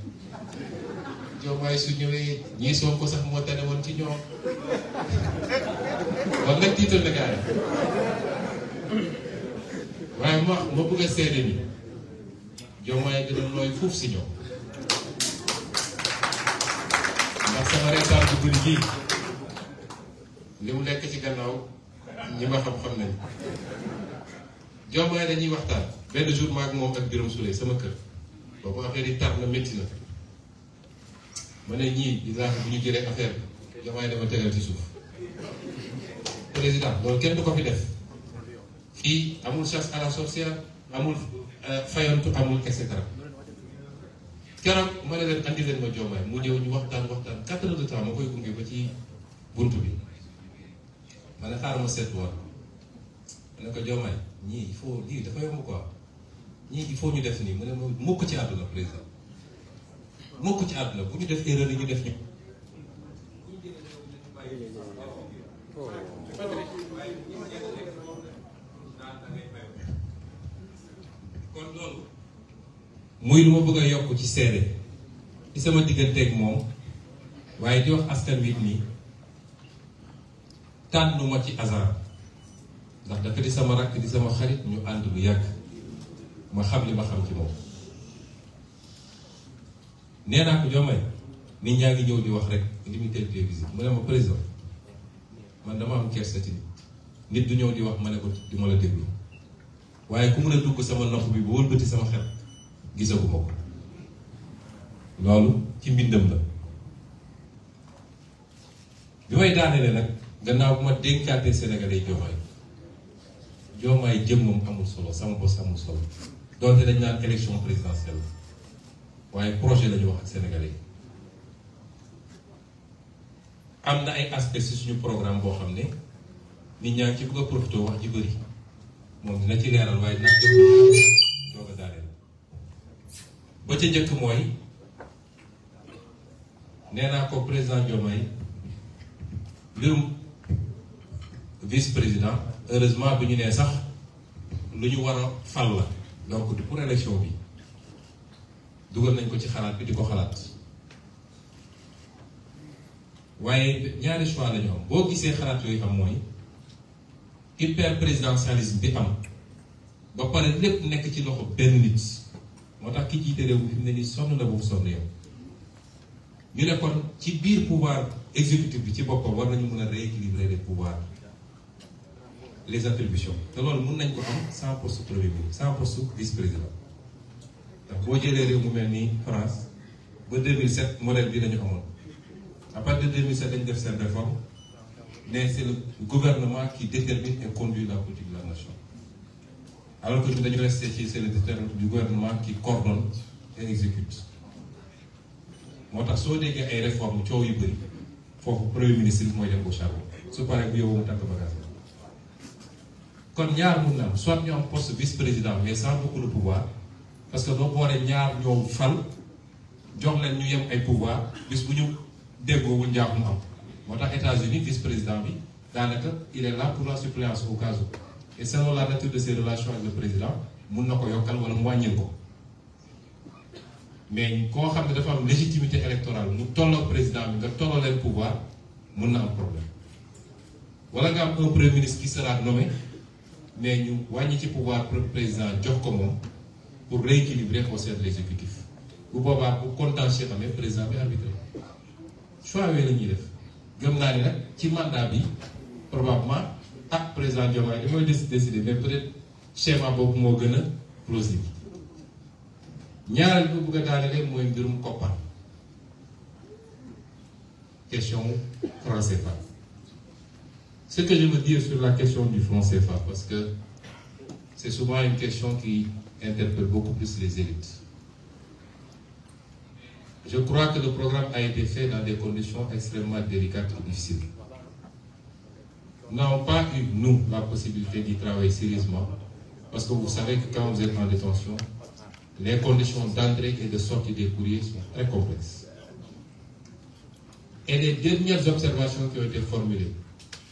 Diomaye su ñëwee ñii Sonko sax moo tane woon ci ñoom war nga tiital na gaa waaye ma ma bëgg a seede ni gën a nooy fuuf si ñoom ndax sama reetaan bu guddi gii li mu nekk ci gannaaw ñi ma xam-xam nañ Diomaye dañuy waxtaan benn jour maag moom ak Birame Souleye sama kër boobu affaire yi tar na métti na ma ne ñii Ibrahima bu ñu jëlee affaire bi damay dama tegal ci suuf président loolu kenn du ko fi def fii amul chasse à la amul euh, fayantu amul et cetera keroog ma ne leen andi leen ma joomaay mu ñëw ñu waxtaan waxtaan quatre heures de temps ma koy gunge ba ci bunt bi ma ne xaaral ma seetluwaat ma ne ko joomaay ñii il faut lii dafa yomb quoi ñii il faut ñu def nii mu ne ma mukk ci àdduna président. mukk ci àdduna bu ñu def erreur yi ñu def muy lu ma bëgg a yokk ci seede ci sama digganteeg moom waaye di wax askan wi nii tànnuma ci hasard ndax dafa di sama rakk di sama xarit ñu ànd lu yàgg ma xam li ma xam ci moom nee naa ko Diomaye nit ñaa ngi ñëw wax rek li muy ne ma président man dama am kersa ci ñëw di wax ma ne ko di ma la déglu waaye ku mun a dugg sama nopp bi ba wëlbati sama xel gisagu ko loolu ci mbindam la may daanelee nag gannaaw bu ma dénkaatee Sénégalais yi Diomaye Diomaye jëmmam amul solo sama bos amul solo donte dañ naan élection présidentielle waaye projet la ñu wax ak Sénégalais yi am na ay aspects ci suñu programme boo xam ne nit ñaa ngi ci bëgg a wax ji bëri moom dina ci leeral waaye dina ci doog a daaneel ba ca njëkk mooy nee ko président Diomaye mbirum vice président heureusement bu ñu nee sax lu ñu war a fal la donc du pour élection bi. dugal nañ ko ci xalaat bi di ko xalaat waaye ñaari choix lañu am boo gisee xalaat yooyu am mooy président présidentialisme bi am ba pare lépp nekk ci loxo benn nit moo tax ki jiite réew mi fi ne nii sonn na bu mu sonn yow ñu ne ci biir pouvoir exécutif bi ci boppam war nañu mën a rééquilibrer les pouvoirs les attributions te loolu mun nañ ko am sans poste premier ministre sans poste vice président. ndax boo jëlee réew mu mel nii France ba 2007 modèle bi dañu amoon à partir de 2007 dañu def seen réforme mais c'est le gouvernement qui détermine et conduit la politique de dañu resté ci c'est le déterminant du gouvernement qui coordonne exécute moo tax soo déggee ay réformes coow yu bëri foofu premier ministre bi mooy dem au charbon su paree bu yóbbu mu tàgg bagage kon ñaar mun na soit ñu am vice président mais sans beaucoup de pouvoir parce que doo boole ñaar ñoo fal jox leen ñu yem ay pouvoir bis bu ñu déggoowul njaaxum am moo tax États-Unis vice président bi daanaka il est là la suppléance au cas et selon la nature de ses relations le président mun na ko yokkal wala mu wàññil ko mais koo xam ne dafa am légitimité électorale mu tolloog président bi nga tolloo leen pouvoir mun na am problème wala nga am un premier ministre qui ñu wàññi ci pouvoir président jox ko moom. pour rééquilibrer conseil de bu boobaa bu contentieux amee président bi arbitré choix yooyu la ñuy def gëm naa ne nag ci mandat bi probablement ak président Diomaye damay décider mais peut-être schéma boobu moo gën a plausible ñaareel bi bëgg a daane rek mooy mbirum koppar question franc CFA ce que je veux dire sur la question du franc CFA parce que c'est souvent une question qui interpelle beaucoup plus les élites. Je crois que le programme a été fait dans des conditions extrêmement délicates et difficiles. Nous pas eu, nous, la possibilité d'y travailler sérieusement, parce que vous savez que quand vous êtes en détention, les conditions d'entrée et de sortie des sont très complexes. Et les dernières observations qui ont été formulées,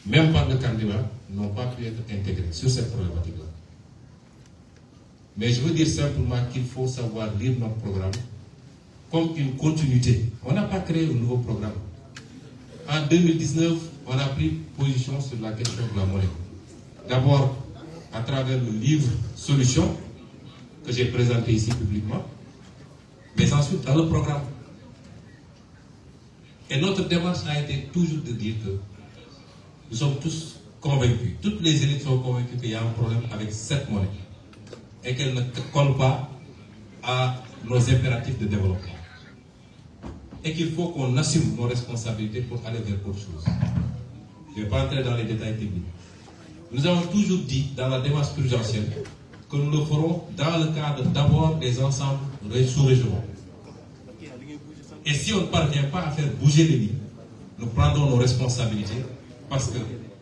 même par le candidat, n'ont pas pu être intégrées sur cette problématique-là. Mais je veux dire simplement qu'il faut savoir lire notre programme comme une continuité. On n'a pas créé un nouveau programme. En on a pris position sur la question de la monnaie. D'abord, à travers le livre Solutions que j'ai présenté ici publiquement, mais ensuite dans le programme. Et notre démarche a été toujours de dire que nous sommes tous convaincus, toutes les élites convaincues qu'il y a un problème avec cette monnaie. et qu'elle ne colle pas à nos impératifs de développement. Et qu'il faut qu'on assume nos responsabilités pour aller vers autre chose. Nous avons toujours dit dans la démarche prudentielle que nous le ferons dans le cadre d'abord des ensembles sous-régionaux. Et si on ne parvient pas à faire bouger les lignes, nous prendrons nos responsabilités parce que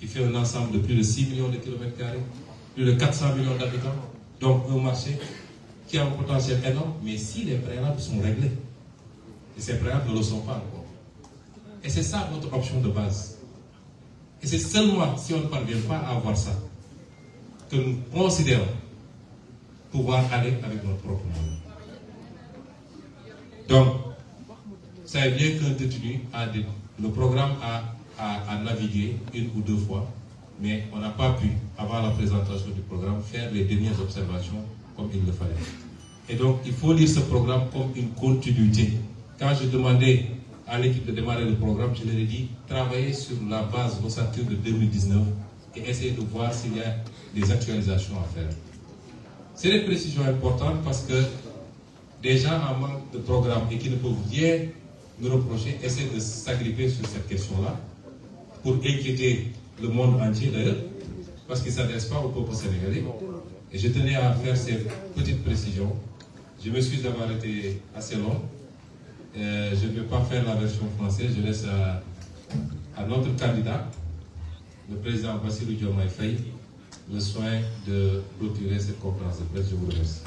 qui fait un ensemble de plus de millions de kilomètres carrés, plus de millions d'habitants, donc un marché qui a potentiel énorme, mais si les préalables sont réglés, et ces préalables ne le pas encore. Et c'est ça notre option de base. Et c'est seulement si on ne parvient pas avoir ça que nous considérons pouvoir aller avec notre propre monde. Donc, c'est bien qu'un détenu a des, le programme a à, à, naviguer une ou deux fois, mais on n'a pas pu, avant la présentation du programme, faire les dernières observations comme il le fallait. il faut lire ce programme comme une continuité. Quand je demandais à l'équipe de démarrer le programme, je leur ai dit, sur la base ressentie de 2019 et essayez de voir s'il y a des actualisations à faire. C'est des précisions importantes parce que des gens en manque de programme et qui ne peuvent rien nous reprocher pour inquiéter le monde entier d'ailleurs, parce qu'il ne s'adresse pas au peuple sénégalais. Et je tenais à faire ces petites précisions. Je m'excuse d'avoir été assez long. Euh, je ne vais pas faire la version française, je laisse à, notre candidat, le président Bassirou Diomaye Faye, le soin de clôturer cette conférence de Je vous remercie.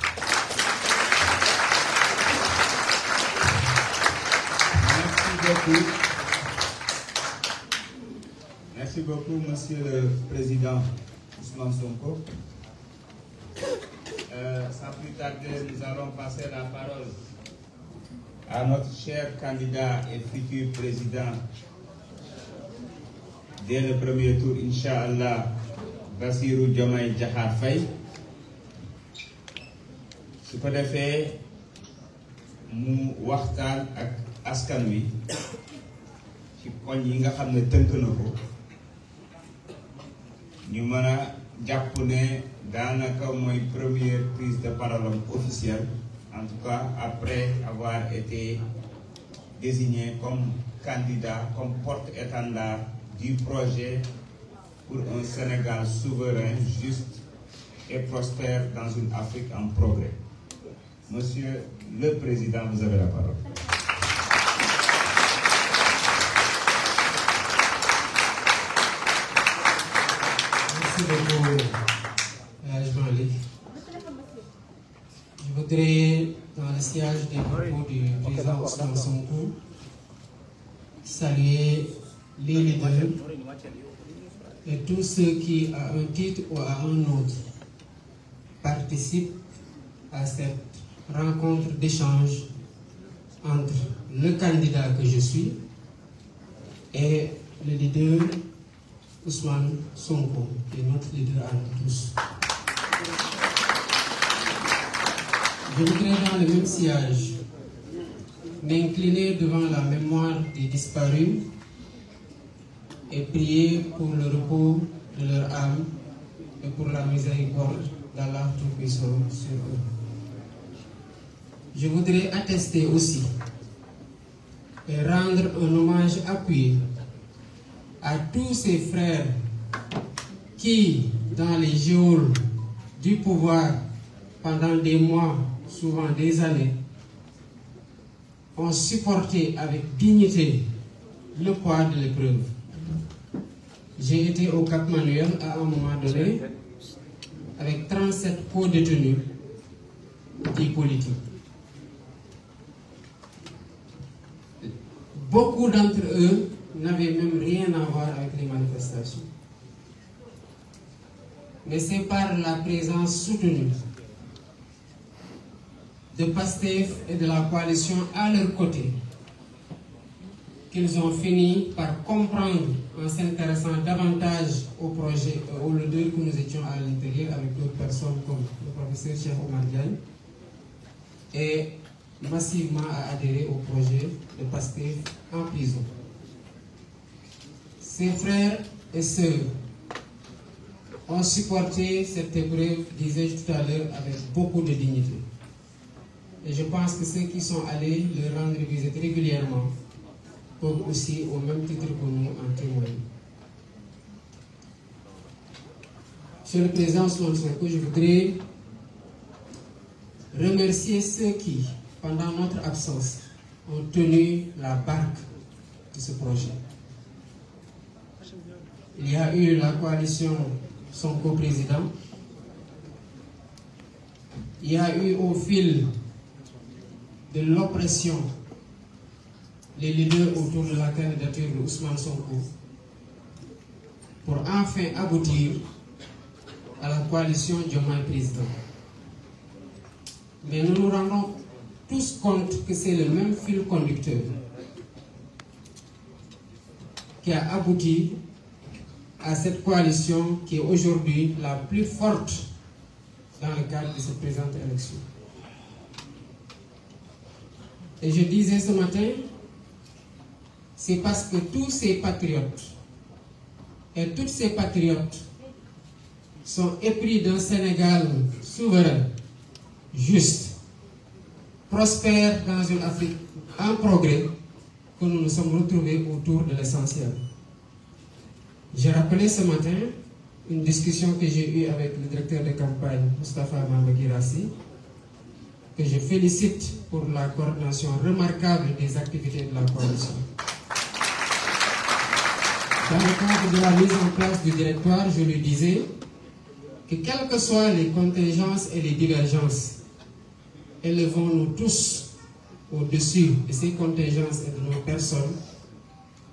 Merci beaucoup, Monsieur le Président Ousmane Sonko. Euh, sans plus tarder, nous allons passer la parole à notre cher candidat et futur président dès le premier tour, Inch'Allah, Bassirou Diomaye Diakhar Faye. su ko defee mu waxtaan ak askan wi ci koñ yi nga xam ne tënk na ko ñu mën a jàpp ne daanaka mooy première prise de parole officielle en tout cas après avoir été désigné comme candidat comme porte-étendard du projet pour un Sénégal souverain juste et prospère dans une Afrique en progrès monsieur le président vous avez la parole Merci Je voudrais, dans le siège des propos du président Ousmane Sonko, saluer les leaders et tous ceux qui, à un titre ou à un autre, participent à cette rencontre d'échange entre le candidat que je suis et le leader Ousmane Sonko, qui est notre leader tous. Je voudrais dans le même sillage m'incliner devant la mémoire des disparus et prier pour le repos de leur âme et pour la miséricorde d'Allah Tout-Puissant sur eux. Je voudrais attester aussi et rendre un hommage appuyé à tous ses frères qui, dans les jours du pouvoir, pendant des mois, souvent des années, ont supporté avec dignité le poids de l'épreuve. J'ai été au Cap Manuel à un moment donné avec 37 co-détenus des politiques. Beaucoup d'entre eux n'avait même rien à voir avec les manifestations. Mais c'est par la présence soutenue de PASTEF et de la coalition à leur côté qu'ils ont fini par comprendre en s'intéressant davantage au projet, au leader que nous étions à l'intérieur avec d'autres personnes comme le professeur Cheikh Omar Diagne et massivement à adhérer au projet de PASTEF en prison. Ses frères et sœurs ont supporté cette épreuve, disais-je tout à l'heure, avec beaucoup de dignité. Et je pense que ceux qui sont allés leur rendre visite régulièrement peuvent aussi, au même titre que nous, en témoigner. Sur le président Sonko, je voudrais remercier ceux qui, pendant notre absence, ont tenu la barque de ce projet. il y a eu la coalition son coprésident. Il y a eu au fil de l'oppression les leaders autour de la candidature de Ousmane Sonko pour enfin aboutir à la coalition Diomaye Président. Mais nous nous rendons tous compte que c'est le même fil conducteur qui a abouti à cette coalition qui est aujourd'hui la plus forte dans le cadre de cette présente élection. Et je disais ce matin, c'est parce que tous ces patriotes et toutes ces patriotes sont épris d'un Sénégal souverain, juste, prospère dans une Afrique en progrès que nous nous sommes retrouvés autour de l'essentiel. Je rappelais ce matin une discussion que j'ai eue avec le directeur de campagne, Moustapha Mamagirassi, que je félicite pour la coordination remarquable des activités de la coalition. Dans le cadre de la mise en place du directoire, je lui disais que quelles que soient les contingences et les divergences, élevons-nous tous au-dessus de ces contingences et de nos personnes,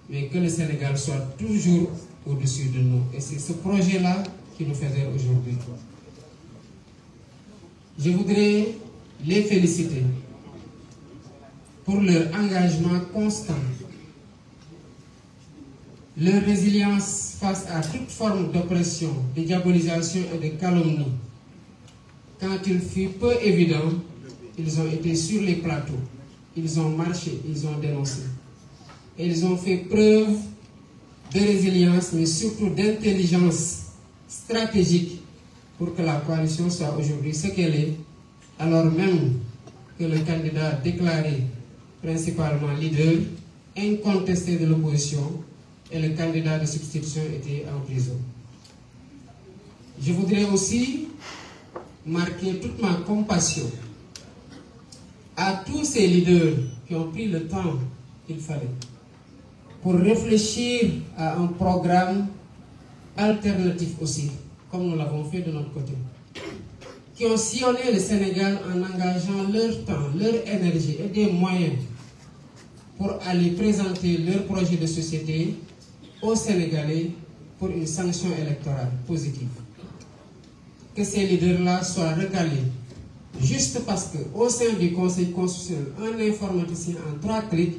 mais que le Sénégal soit toujours au-dessus de c'est ce projet-là qui nous faisait aujourd'hui. Je voudrais les féliciter pour leur engagement constant, leur résilience face à toute forme d'oppression, de diabolisation et de calomnie. Quand il fut peu évident, ils ont été sur les plateaux, ils ont marché, ils ont dénoncé. Et ils ont fait preuve de résilience, mais surtout d'intelligence stratégique pour que la coalition soit aujourd'hui ce qu'elle est, alors même que le candidat déclaré principalement leader, incontesté de l'opposition, et le candidat de substitution était en prison. Je voudrais aussi marquer toute ma compassion à tous ces leaders qui ont pris le temps qu'il fallait pour réfléchir à un programme alternatif aussi, comme nous l'avons fait de notre côté, qui ont sillonné le Sénégal en engageant leur temps, leur énergie et des moyens pour aller présenter leur projet de société aux Sénégalais pour une sanction électorale positive. Que ces leaders-là soient recalés, juste parce qu'au sein du Conseil constitutionnel, un informaticien en trois clics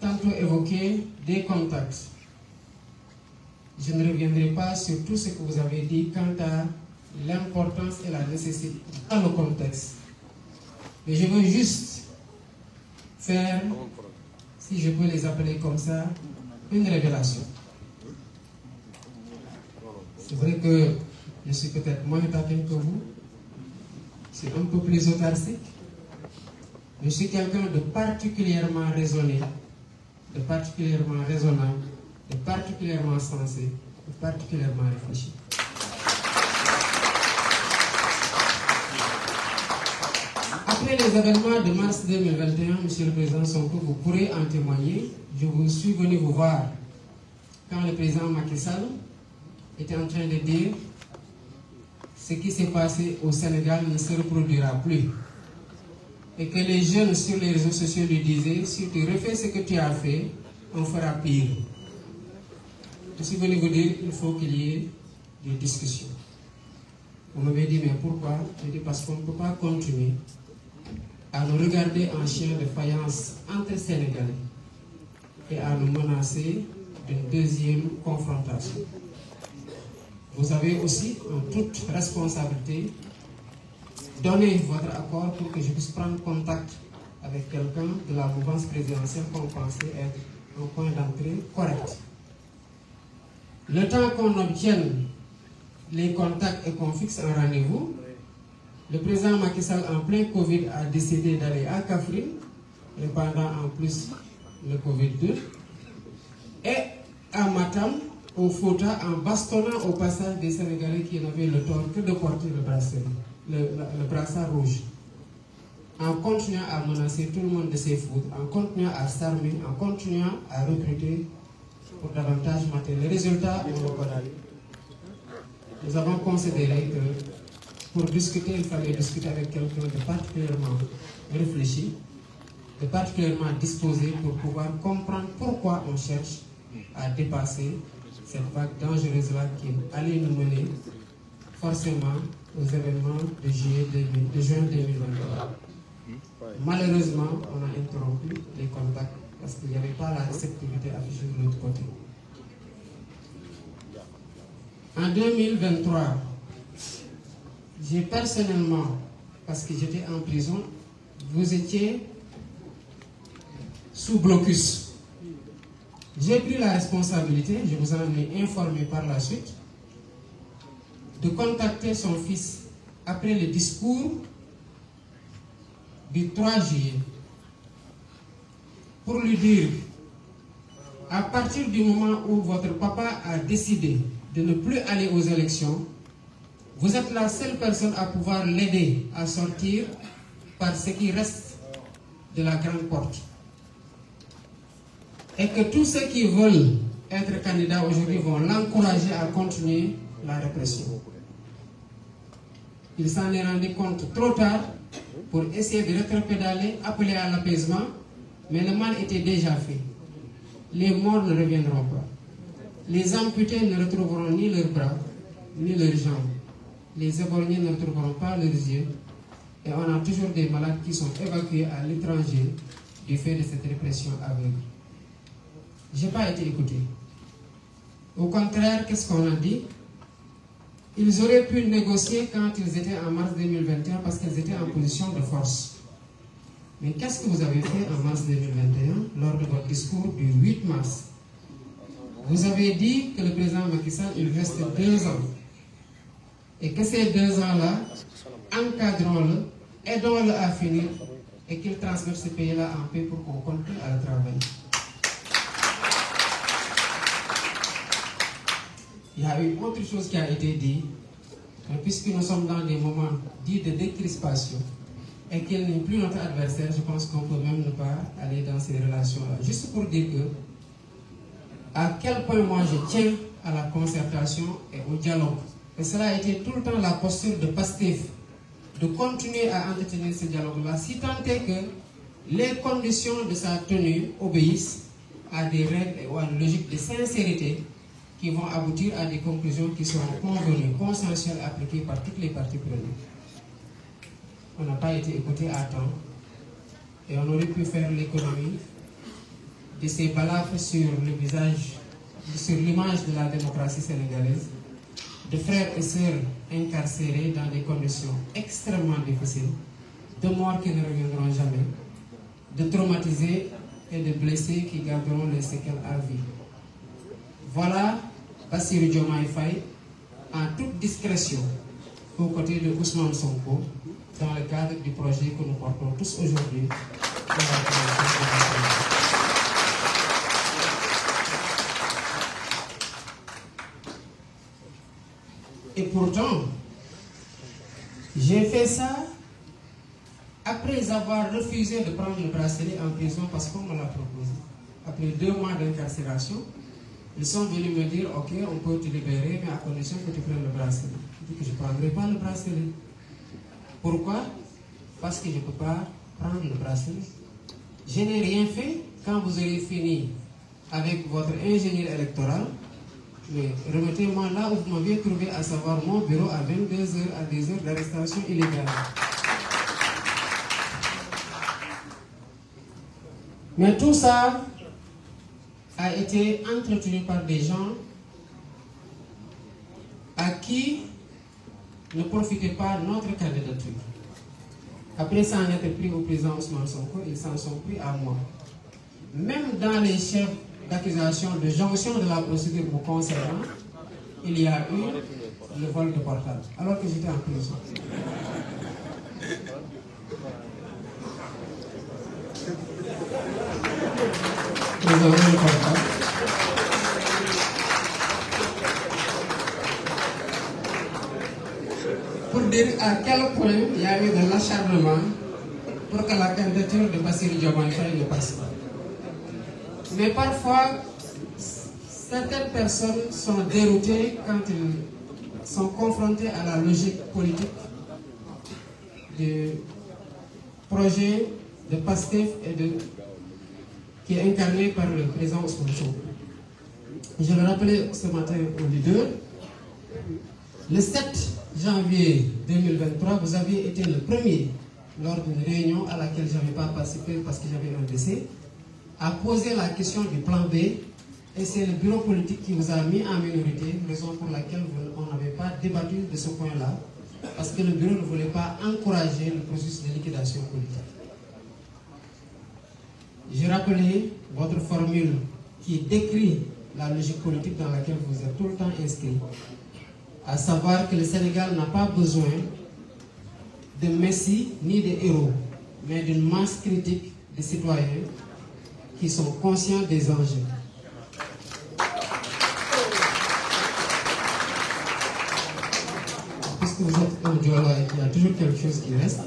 tantôt évoqué des contacts. Je ne reviendrai pas sur tout ce que vous avez dit quant à l'importance et la nécessité dans le contexte. Mais je veux juste faire, si je peux les appeler comme une révélation. C'est vrai que je suis peut-être moins taquin vous. C'est un peu plus autarcique. Je suis quelqu'un de particulièrement raisonné de particulièrement raisonnable, de particulièrement sensé, de particulièrement réfléchi. Après les événements de mars 2021, Monsieur le Président Sonko, vous pourrez en témoigner. Je vous suis venu vous voir quand le président Macky Sall était en train de dire ce qui s'est passé au Sénégal ne se reproduira plus. et que les jeunes sur les réseaux sociaux lui disaient si tu ce que tu as fait, on fera pire. Je suis venu vous dire il faut qu'il y ait des discussions. Vous m'avez dit mais pourquoi J'ai dit parce qu'on pas continuer à nous regarder en chien de faïence entre et à nous menacer d'une deuxième confrontation. Vous avez aussi en toute responsabilité donnez votre accord pour que je puisse contact avec quelqu'un de la mouvance présidentielle qu'on pensait être un point correct. Le temps qu'on obtienne les contacts et qu'on fixe un rendez-vous, le président Macky en plein Covid, a décidé d'aller à Kafrine, et pendant en plus le Covid-2, et à Matam, Fouta, en bastonnant au passage des Sénégalais qui n'avaient le tort de porter le bracelet. le, le, rouge en continuant à menacer tout le monde de ses foudres, en continuant à s'armer, en continuant à recruter pour davantage matériel. Les résultats, nous avons considéré que pour discuter, il fallait discuter avec quelqu'un de particulièrement réfléchi, de particulièrement disposé pour pouvoir comprendre pourquoi on cherche à dépasser cette vague dangereuse là qui allait nous mener forcément aux événements de juillet 2000, de juin 2023. Malheureusement, on a interrompu les contacts parce qu'il n'y avait pas la réceptivité affichée de l'autre côté. En 2023, j'ai personnellement, parce que j'étais en prison, vous étiez sous blocus. J'ai pris la responsabilité, je vous en ai informé de contacter son fils après le discours du 3 juillet pour lui dire à partir du moment où votre papa a décidé de ne plus aller aux élections, vous êtes la seule personne à pouvoir l'aider à sortir par ce qui reste de la grande porte. Et que tous ceux qui veulent être candidats aujourd'hui vont l'encourager à continuer la répression. il s'en est rendu compte trop tard pour essayer de rétropédaler, appeler à l'apaisement, mais le mal était déjà fait. Les morts ne reviendront pas. Les amputés ne retrouveront ni leurs bras, ni leurs jambes. Les éborgnés ne retrouveront pas leurs yeux. Et on a toujours des malades qui sont évacués à l'étranger du fait de cette répression aveugle. Je n'ai pas été écouté. Au contraire, qu'est-ce qu'on a dit ils auraient pu négocier quand ils étaient en mars 2021 parce qu'ils étaient en position de force. Mais qu'est-ce que vous avez fait en mars 2021 lors de votre discours du mars Vous avez dit que le président Macky il reste deux ans. Et que ces deux ans-là, encadrons-le, aidons-le à finir et qu'il transmette ce pays en paix pour qu'on à le travailler. il y a une autre chose qui a été dit, puisque nous sommes dans des moments dits de décrispation et qu'elle n'est plus notre adversaire, je pense qu'on peut même ne pas aller dans ces relations-là. Juste pour dire que à quel point moi je tiens à la concertation et au dialogue. Et cela a été tout le temps la posture de Pastef, de continuer à entretenir ce dialogue-là, si tant est que les conditions de sa tenue obéissent à des règles ou à une logique de sincérité qui vont aboutir à des conclusions qui seront convenues, consensuelles, appliquées par toutes les parties prenantes. On n'a pas été écouté à temps et on aurait pu faire l'économie de ces balafres sur l'image de la démocratie sénégalaise, de frères et sœurs incarcérés dans des conditions extrêmement difficiles, de morts qui ne reviendront jamais, de traumatisés et de blessés qui garderont les séquelles à vie. Voilà Bassirou Diomaye Faye en toute discrétion aux côtés de Ousmane Sonko dans le cadre du projet que nous portons tous aujourd'hui Et pourtant, j'ai fait ça après avoir refusé de prendre le en prison parce qu'on l'a proposé. Après deux mois d'incarcération, Ils sont venus me dire, ok, que Je dis que le bracelet. Pourquoi Parce que je peux pas prendre le bracelet. Je n'ai rien fait. Quand vous aurez fini avec votre ingénieur électoral, remettez-moi là où vous m'aviez trouvé, à savoir mon bureau à 22h, à a été entretenu par des gens à qui ne profitait pas notre candidature. Après ça en être pris au président Ousmane Sonko, ils s'en sont pris à moi. Même dans les chefs d'accusation de jonction de la procédure me concernant, il y a eu le vol de portable, alors que j'étais en président Oumou pour dire à quel point il de l'acharnement pour que la candidature de Bassirou Diomaye Faye ne passe Mais parfois, certaines personnes sont déroutées quand ils sont confrontés à la logique politique du projet de PASTEF et de qui est par le président Ousmane Sonko. Je le rappelais ce matin au le janvier vous aviez été le premier, lors d'une réunion à laquelle je n'avais parce que j'avais un à poser la question du plan B et c'est le bureau politique qui vous a mis en minorité, raison pour laquelle on n'avait pas débattu de ce point-là, parce que le bureau ne voulait pas encourager le processus de liquidation politique. Je rappelais votre formule qui décrit la logique politique dans laquelle vous êtes tout le temps inscrit, à savoir que le Sénégal n'a pas besoin de messie ni de héros, mais d'une masse critique de citoyens qui sont conscients des enjeux. Puisque vous êtes un dialogue, il y a toujours quelque chose qui reste.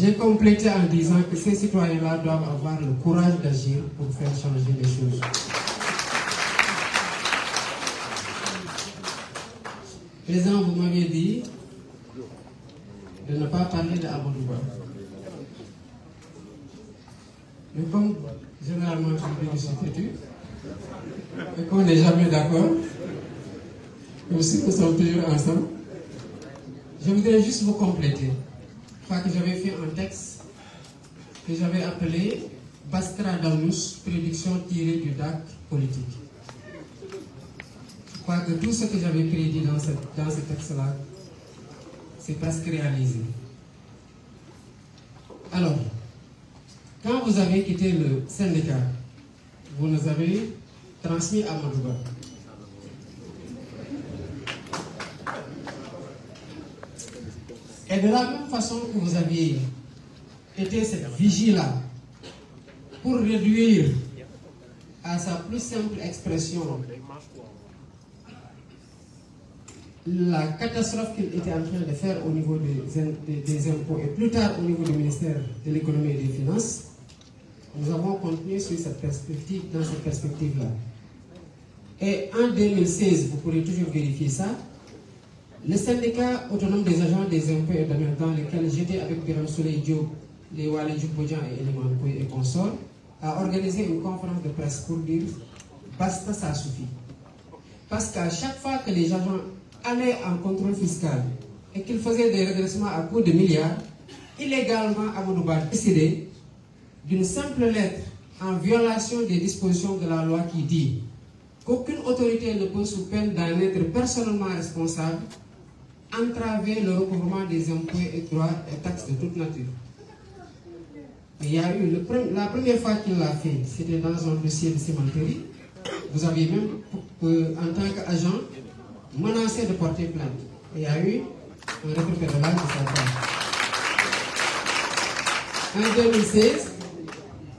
J'ai complété en disant que ces citoyens-là doivent avoir le courage d'agir pour faire changer les choses. Présent, vous m'avez dit de ne pas parler d'Amadouba. Mais comme généralement on est soutenu, et qu'on n'est jamais d'accord, comme si nous sommes toujours ensemble, je voudrais juste vous compléter. crois que j'avais fait un texte que j'avais appelé Bastradamus, prédiction tirée du DAC politique. Je crois que tout ce que j'avais prédit dans ce, dans ce texte-là, c'est presque réalisé. Alors, quand vous avez quitté le syndicat, vous nous avez transmis à Madouba. Et de la même façon que vous aviez été cette vigie-là pour réduire à sa plus simple expression la catastrophe qu'il était en train de faire au niveau des, impôts et plus tard au niveau du ministère de l'économie et des finances, nous avons continué sur cette perspective, dans cette perspective-là. Et en vous pourrez toujours vérifier ça, Le syndicat autonome des agents des impôts et domaines dans lequel j'étais avec Biram Souley Diop, les Wale Djoubodjan et Eliman Kouy et consorts a organisé une conférence de presse pour dire basta, ça suffit. Parce qu'à chaque fois que les agents allaient en contrôle fiscal et qu'ils faisaient des redressements à coût de milliards, illégalement Amadouba décidé d'une simple lettre en violation des dispositions de la loi qui dit qu'aucune autorité entraver le recouvrement des impôts et droits et taxes de toute nature. y a eu, la première fois qu'il l'a fait, c'était dans un dossier de cimenterie. Vous aviez même, euh, en tant qu'agent, menacé de porter plainte. y a eu un récupérage de sa part. En 2016,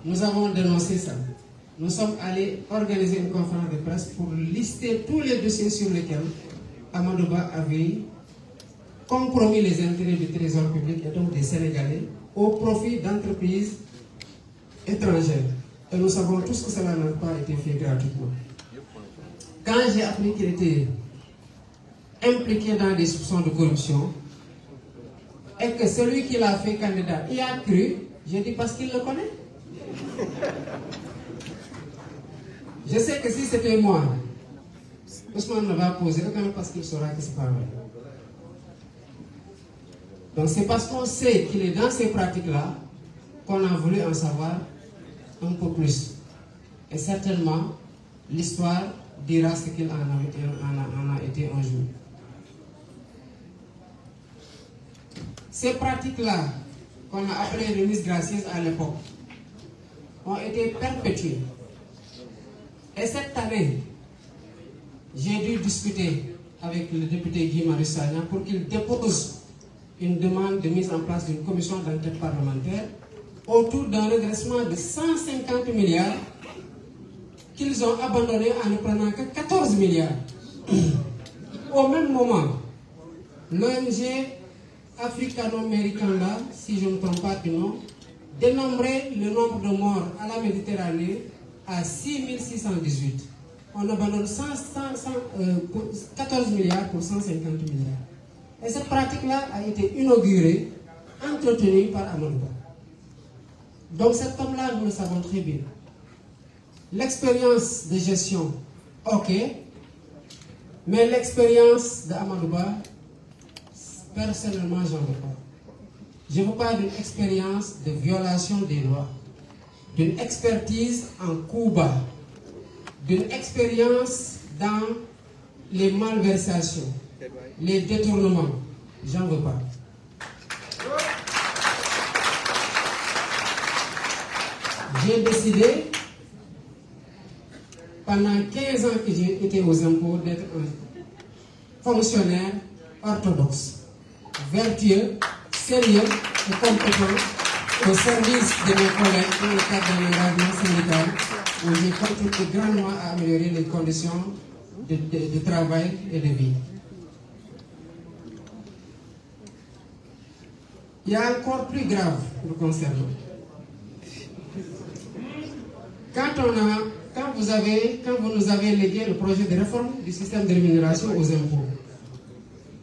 nous avons dénoncé ça. Nous sommes allés organiser une conférence de presse pour lister tous les dossiers sur lesquels Amadouba avait compromis les intérêts du trésor public et donc des Sénégalais au profit d'entreprises étrangères. Et nous savons tous que cela n'a pas été fait gratuitement. Quand j'ai appris qu'il était impliqué dans des soupçons de corruption et que celui qui l'a fait candidat y a cru, j'ai dit parce qu'il le connaît. Je sais que si c'était moi, Ousmane ne va poser aucun parce qu'il saura que c'est pas Donc c'est parce qu'on sait qu'il est dans ces pratiques-là a voulu en savoir un peu plus. Et certainement, l'histoire dira ce qu'il en, en, a été un jour. Ces pratiques-là, qu'on a appelées remises gracieuses à l'époque, ont été perpétuées. Et cette année, j'ai dû discuter avec le député Guy Marissagna pour qu'il une demande de mise en place d'une commission d'enquête parlementaire autour d'un redressement de milliards qu'ils ont abandonné en ne milliards. Au même moment, l'ONG africano-américaine, si je trompe pas du nom, le nombre de morts à la Méditerranée à On abandonne 100, euh, milliards pour milliards. Et cette pratique-là a été inaugurée, entretenue par Amadouba. Donc cet homme-là, nous le savons très bien. L'expérience de gestion, ok, mais l'expérience d'Amadouba, personnellement, j'en veux pas. Je vous parle d'une expérience de violation des lois, d'une expertise en Cuba, d'une expérience dans les malversations, les détournements j'en veux pas j'ai décidé pendant 15 ans que j'ai été orthodoxe vertueux sérieux et compétent au service de mes collègues dans le cadre d'un engagement syndical où j'ai contribué grandement à améliorer les conditions de, travail et de vie Il a encore plus grave nous concernant. Quand on a, vous avez, quand vous nous avez le projet de réforme du système de rémunération aux impôts,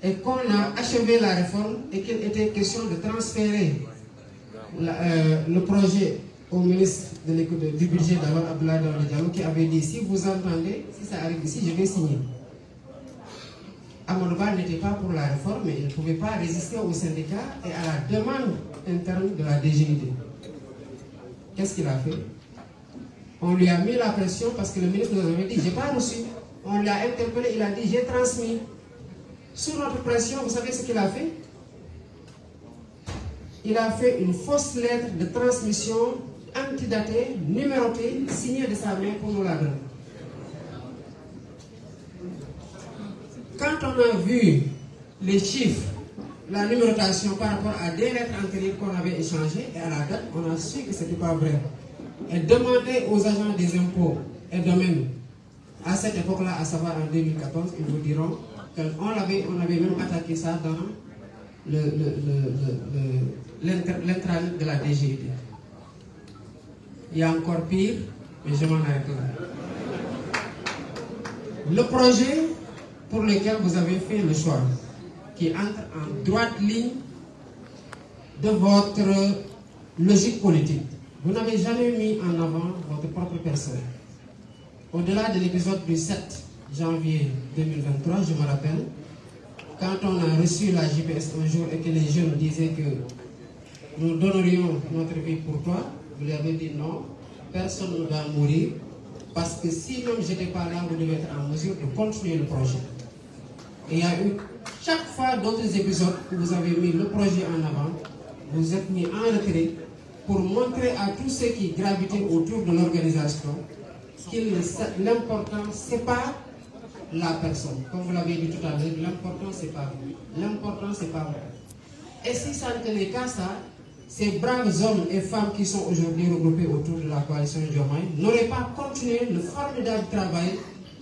et qu'on a achevé la réforme était question de transférer euh, le projet au ministre de du budget d'Aval Abdullah Diallo qui avait dit si vous entendez, si ça arrive ici, je vais signer. Amadou Ba n'était pas pour la réforme, mais il ne pas résister aux syndicats et à la demande interne de la DGID. Qu'est-ce qu'il a fait On lui a mis la pression parce que le ministre nous avait dit, j'ai pas reçu. On l'a interpellé, il a dit, j'ai transmis. Sous notre pression, vous savez ce qu'il a fait Il a fait une fausse lettre de transmission antidatée, numérotée, signée de sa main pour nous la Quand on a vu les chiffres, la numérotation par rapport à des lettres antérieures qu'on avait échangées et à la date, on a su que ce pas vrai. Et demander aux agents des impôts et domaines à cette époque-là, à savoir en 2014, ils vous on avait même attaqué ça dans l'intranet le, le, le, de la DGB. y a encore pire, mais je m'en arrête là. Le projet pour lesquels vous avez fait le choix, qui entre en droite ligne de votre logique politique. Vous n'avez jamais mis en avant votre propre personne. Au-delà de l'épisode du janvier je me rappelle, on a reçu la GPS un jour et que les jeunes disaient que nous donnerions notre vie pour toi, vous avez dit non, personne ne doit mourir, parce que si même je n'étais pas vous devez en mesure de continuer le projet. chaque fois d'autres épisodes où vous avez mis le projet en avant, vous êtes mis en pour montrer à tous ceux qui gravitaient autour de l'organisation que l'important, c'est pas la personne. Comme vous l'avez dit tout à l'heure, l'important, c'est pas vous. Et si ça ne tenait qu'à ça, ces et femmes qui sont aujourd'hui regroupés autour de la coalition Diomaye n'auraient pas continué le formidable travail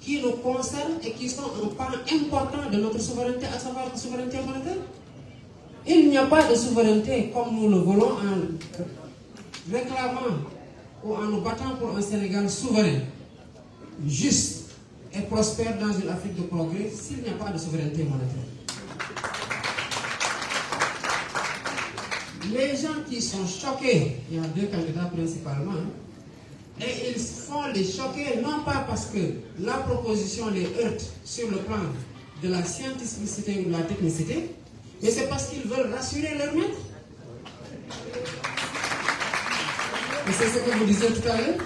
qui nous concernent et qui sont un pan important de notre souveraineté, à savoir la souveraineté monétaire. Il n'y a pas de souveraineté comme nous le voulons en réclamant ou en nous battant pour un Sénégal souverain, juste et prospère dans une Afrique de progrès s'il n'y a pas de souveraineté monétaire. Les gens qui sont choqués, y a deux candidats principalement, Et ils font les choquer, non pas parce que la proposition les heurte sur le plan de la scientificité ou de la technicité, mais c'est parce qu'ils veulent rassurer leur maître. Et c'est ce que vous disiez tout à l'heure.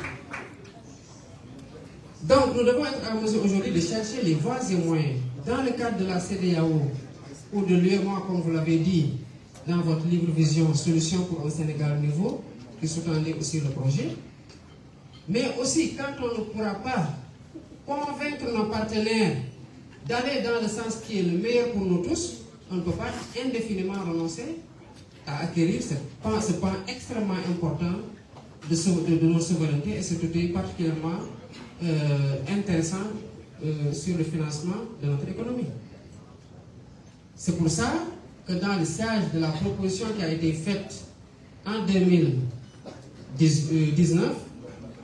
Donc, nous devons être en de chercher les voies moyens. Dans le cadre de la CDAO ou de l'UEMOA, comme vous l'avez dit dans votre livre Vision, Solutions pour Sénégal nouveau, qui sous-tendait aussi le projet, Mais aussi, quand on ne pourra pas convaincre nos partenaires d'aller dans le sens qui est le meilleur pour nous tous, on ne peut pas indéfiniment renoncer à acquérir ce point, extrêmement important de, de, de nos souverainetés et particulièrement euh, intéressant euh, sur le financement de notre économie. C'est pour ça que dans le siège de la proposition qui a été faite en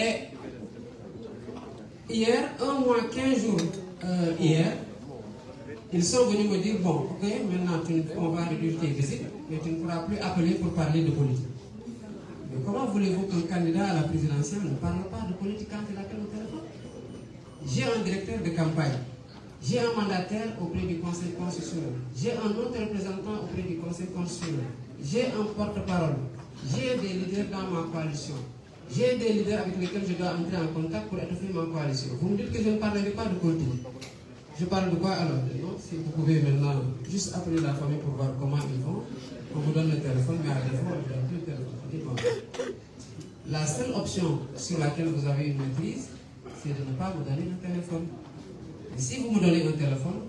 Et hier, un mois, 15 jours euh, hier, ils sont venus me dire, bon, ok, maintenant tu, on va réduire tes visites, mais tu ne appeler pour parler de politique. comment voulez-vous qu'un candidat à la présidentielle ne parle pas de politique quand il au téléphone J'ai un directeur de campagne, j'ai un mandataire auprès du Conseil constitutionnel, j'ai un autre représentant auprès porte-parole, j'ai des leaders dans coalition, J'ai des leaders avec lesquels je dois entrer en contact pour être ma coalition. Vous me dites que je ne parlerai pas de contenu. Je parle de quoi alors non, Si vous pouvez maintenant juste appeler la famille pour voir comment ils vont, on vous donne le téléphone, mais à défaut, on vous donne plus le téléphone. Bon. La seule option sur laquelle vous avez une maîtrise, c'est de ne pas vous donner le téléphone. Et si vous me donnez un téléphone,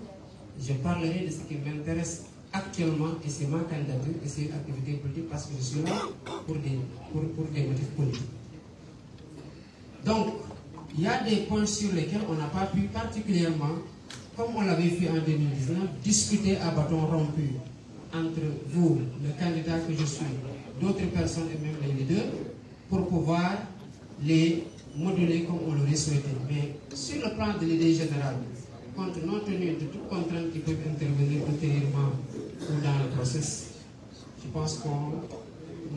je parlerai de ce qui m'intéresse actuellement et c'est ma candidature et c'est une activité politique parce que je suis là pour des, pour, pour des motifs politiques. Donc, ya des points sur lesquels on n'a pas pu particulièrement, comme on l'avait fait en 2019, discuter à bâton rompu entre vous, le candidat que je suis, d'autres personnes et même les leaders, pour pouvoir les moduler comme on l'aurait souhaité. Mais sur le plan de l'idée générale, compte non tenu de toutes contraintes qui peuvent intervenir antérieurement ou dans le process, je pense qu'on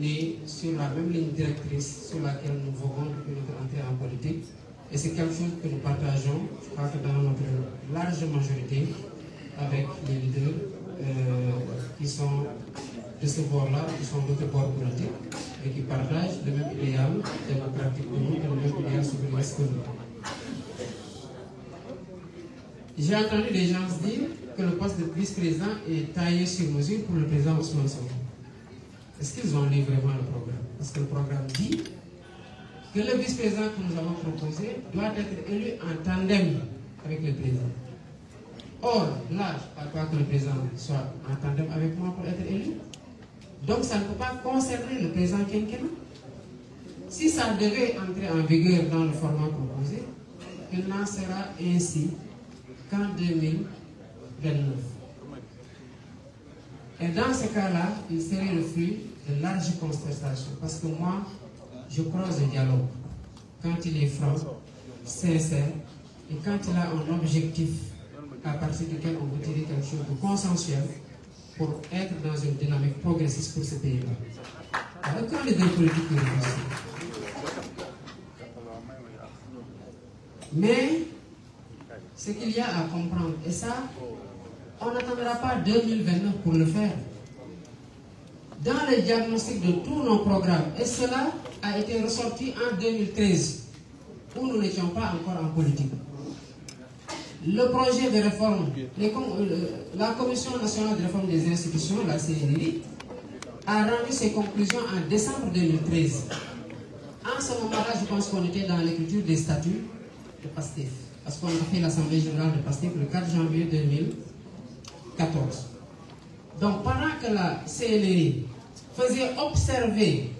né sur la même ligne directrice sur laquelle nous voguons depuis notre entrée en politique. Et c'est quelque chose que nous partageons, je que dans notre large majorité, avec les leaders euh, qui sont de ce bord-là, qui sont d'autres bords politiques, et qui partagent le même idéal démocratique que nous, le même idéal souverainiste que nous. J'ai entendu des gens dire que le poste de vice-président est taillé sur mesure pour le président Ousmane Est-ce qu'ils ont programme Parce que le programme dit que le vice-président nous avons proposé doit être élu en tandem avec le président. Or, là, je ne que le président soit en tandem avec moi pour Donc, ça ne pas concerner le président quinquennat. Si ça devait entrer en vigueur dans le format proposé, il n'en sera ainsi qu'en 2029. Et dans ce cas-là, il serait le fruit de larges concertations. Parce que moi, je croise le dialogue. Quand il est franc, sincère, et quand il a un objectif à partir duquel on veut tirer chose de consensuel pour être dans une dynamique progressiste pour ce pays-là. Mais, ce qu'il y a à comprendre, et ça, On n'attendra pas pour le faire. Dans le diagnostic de tous nos programmes, et cela a été ressorti en 2013, où nous pas encore en politique. Le projet de réforme, les, euh, la Commission nationale de réforme des institutions, la CNRI, a rendu ses conclusions en décembre En ce moment-là, pense qu'on était dans l'écriture des statuts de PASTEF, parce qu'on a fait l'Assemblée générale de PASTEF le janvier 14. Donc pendant que la CNRI faisait observer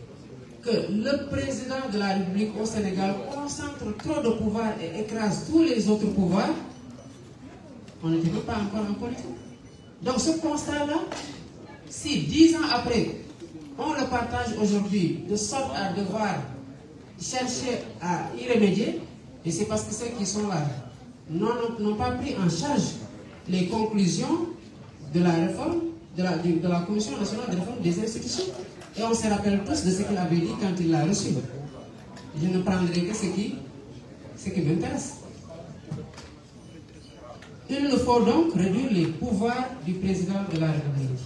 que le président de la République au Sénégal concentre trop de pouvoir et écrase tous les autres pouvoirs, on n'était pas encore en politique. Donc ce constat-là, si dix ans après, on le partage aujourd'hui de sorte à devoir chercher à y remédier, et c'est parce que ceux qui sont là n'ont pas pris en charge les conclusions de la réforme, de la, Commission nationale de réforme des institutions. Et on se rappelle tous de ce qu'il avait quand il l'a reçu. Je ne prendrai que ce qui, ce qui m'intéresse. Il faut donc réduire les pouvoirs du président de la République.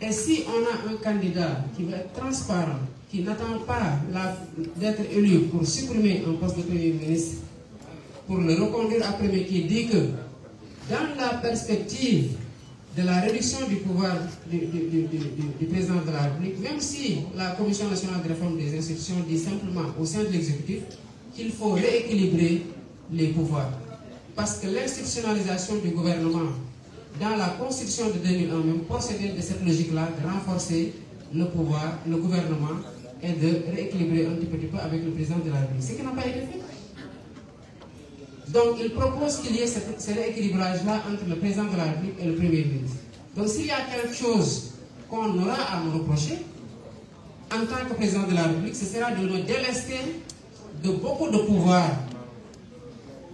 Et si on a un candidat qui veut être transparent, qui n'attend pas d'être élu pour supprimer un poste de Premier ministre, pour le reconduire après, qui dit que dans la perspective de la réduction du pouvoir du, du, du, du, président de la République, même si la Commission nationale de réforme des institutions dit simplement au sein de l'exécutif qu'il faut rééquilibrer les pouvoirs. Parce que l'institutionnalisation du gouvernement dans la constitution de 2001 même procédait de cette logique-là de renforcer le gouvernement et de rééquilibrer un petit peu avec le président de la République. Ce qui n'a pas été fait. Donc, il propose qu'il y ait ce, rééquilibrage-là entre le président de la République le Premier ministre. Donc, s'il y a quelque chose qu'on aura à nous en tant que de la République, ce sera de nous délester de beaucoup de pouvoir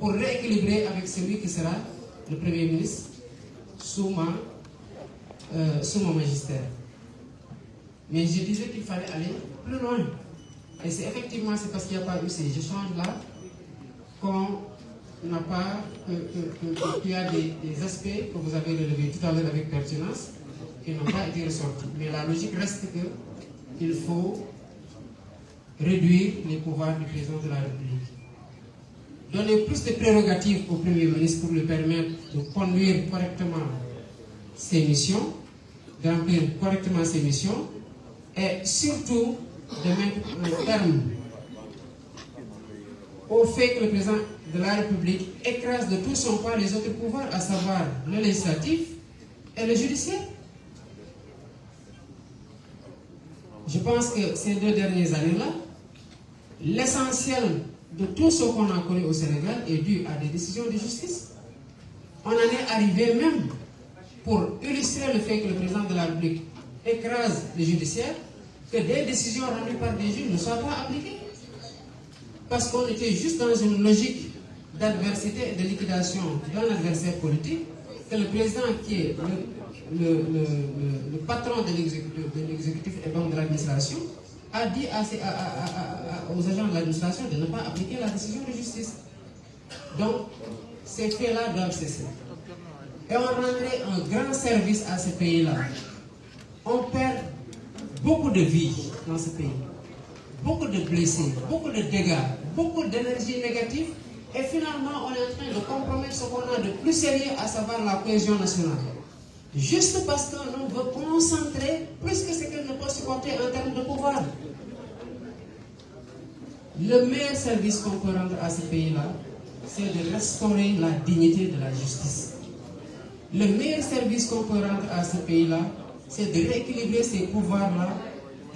pour rééquilibrer avec celui qui sera le Premier ministre sous, ma, euh, Mais je disais qu'il fallait aller plus loin. Et c'est effectivement, c'est parce qu'il n'y a pas eu ces échanges-là qu'on n'a pas, qui a des, des, aspects que vous avez relevés tout à l'heure avec pertinence, qui n'ont pas été ressortis. Mais la logique reste que il faut réduire les pouvoirs du président de la République. Donner plus de prérogatives au Premier ministre pour lui permettre de conduire correctement ses missions, d'emplir correctement ses missions, et surtout de mettre un au fait que le président de la République écrase de tout son poids les autres pouvoirs, à savoir le législatif et le judiciaire. Je pense que ces deux dernières années-là, l'essentiel de tout ce qu'on au Sénégal est dû à des décisions de justice. On en est même pour illustrer le fait que le président de la République écrase le judiciaire, que des décisions rendues par des juges ne soient pas appliquées. Parce qu'on était juste dans une logique d'adversité et de liquidation d'un adversaire politique que le président qui est le, patron de l'exécutif et donc de l'administration a dit à, à, à, aux agents de l'administration de ne pas appliquer la décision de justice. Donc, ces faits-là doivent cesser. Et on rendrait un grand service à ce pays-là. On perd beaucoup de vies dans ce pays, beaucoup de dégâts, beaucoup d'énergie négative Et finalement, on est en train de compromettre a de plus sérieux, à savoir la cohésion nationale. Juste parce que l'on veut concentrer plus que ce qu'elle peut supporter en termes de pouvoir. Le meilleur service qu'on peut à ce pays-là, c'est de restaurer la dignité de la justice. Le meilleur service qu'on peut rendre à ce pays-là, c'est de rééquilibrer ces pouvoirs-là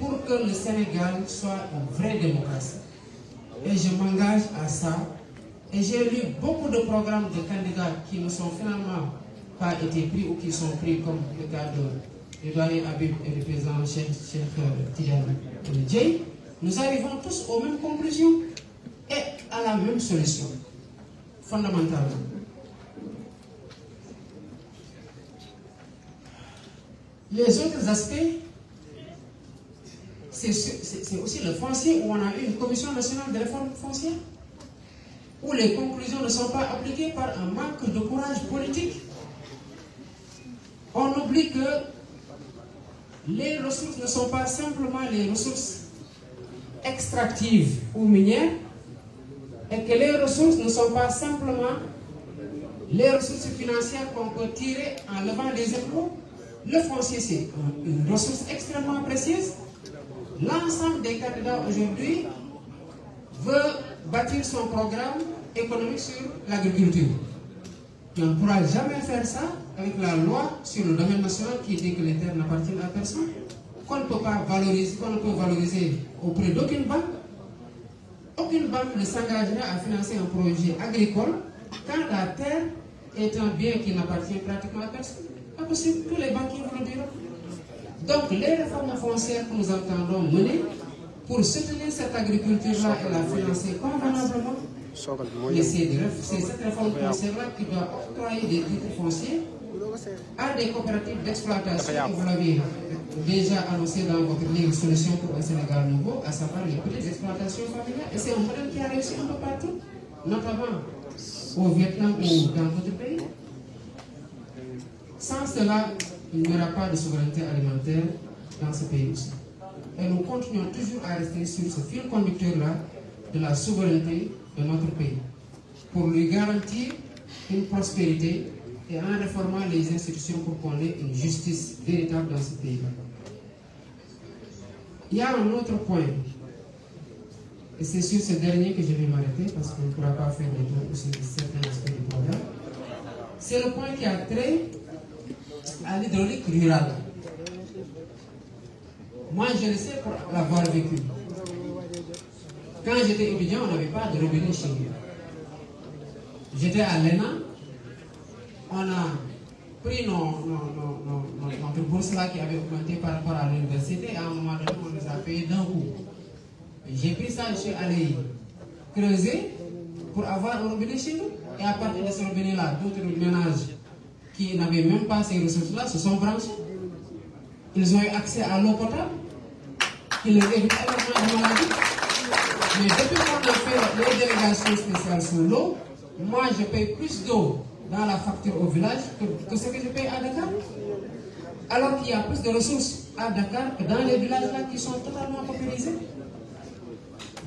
pour que le Sénégal soit une vraie démocratie. Et je m'engage à ça Et j'ai lu beaucoup de programmes de candidats qui ne sont finalement pas été pris ou qui sont pris comme le cas de Edouard Abib et le président Cheikh euh, Tidiane Nous arrivons tous aux mêmes conclusions et à la même solution, fondamentalement. Les autres aspects, c'est aussi le foncier où on a une commission nationale de réforme foncière. où les conclusions ne sont pas appliquées par un manque de courage politique. On oublie que les ressources ne sont pas simplement les ressources extractives ou minières, et que les ressources ne sont pas simplement les ressources financières qu'on peut tirer en levant des impôts. Le foncier, c'est une ressource extrêmement précieuse. L'ensemble des candidats aujourd'hui veut bâtir son programme économique sur l'agriculture. Et on ne pourra jamais faire ça avec la loi sur le domaine national qui dit que les terres n'appartiennent à personne, qu'on ne peut pas valoriser, qu'on ne peut valoriser auprès d'aucune banque. Aucune banque ne s'engagera à financer un projet agricole quand la terre est un bien qui n'appartient pratiquement à personne. Pas possible, tous les banquiers vous le diront. Donc les réformes foncières que nous entendons mener pour soutenir cette agriculture-là et la financer convenablement, Mais c'est cette réforme qui doit octroyer des titres fonciers à des coopératives d'exploitation que déjà annoncé dans votre livre Solution un Sénégal nouveau, à savoir les petites exploitations familiales. Et c'est un modèle qui a réussi un peu partout, notamment au Vietnam ou dans d'autres pays. Sans cela, il pas de souveraineté alimentaire dans ce pays Et nous continuons toujours à rester sur ce fil conducteur-là de la souveraineté de notre pays pour lui garantir une et en les institutions pour qu'on justice véritable dans ce pays. Il a un autre point, c'est sur ce dernier que je vais m'arrêter parce qu'on ne pourra pas faire des tours sur certains aspects du programme. C'est le point qui a trait à l'hydraulique Moi, je le pour l'avoir vécu. Quand j'étais étudiant, on n'avait pas de robinet chez nous. on a pris nos, nos, nos, notre bourse là qui avait augmenté par rapport à l'université. À un on nous a payé pris ça, je suis allé pour avoir un robinet chez nous. Et à partir de ce robinet-là, d'autres ménages qui n'avaient là se sont branchés. Ils ont accès à l'eau potable qui les évite énormément de maladies. Mais depuis qu'on les délégations spéciales sur l'eau, moi je paye plus d'eau dans la facture au village que, ce que je paye à Dakar. Alors qu'il y a plus de ressources à Dakar que dans les villages qui sont totalement populisés.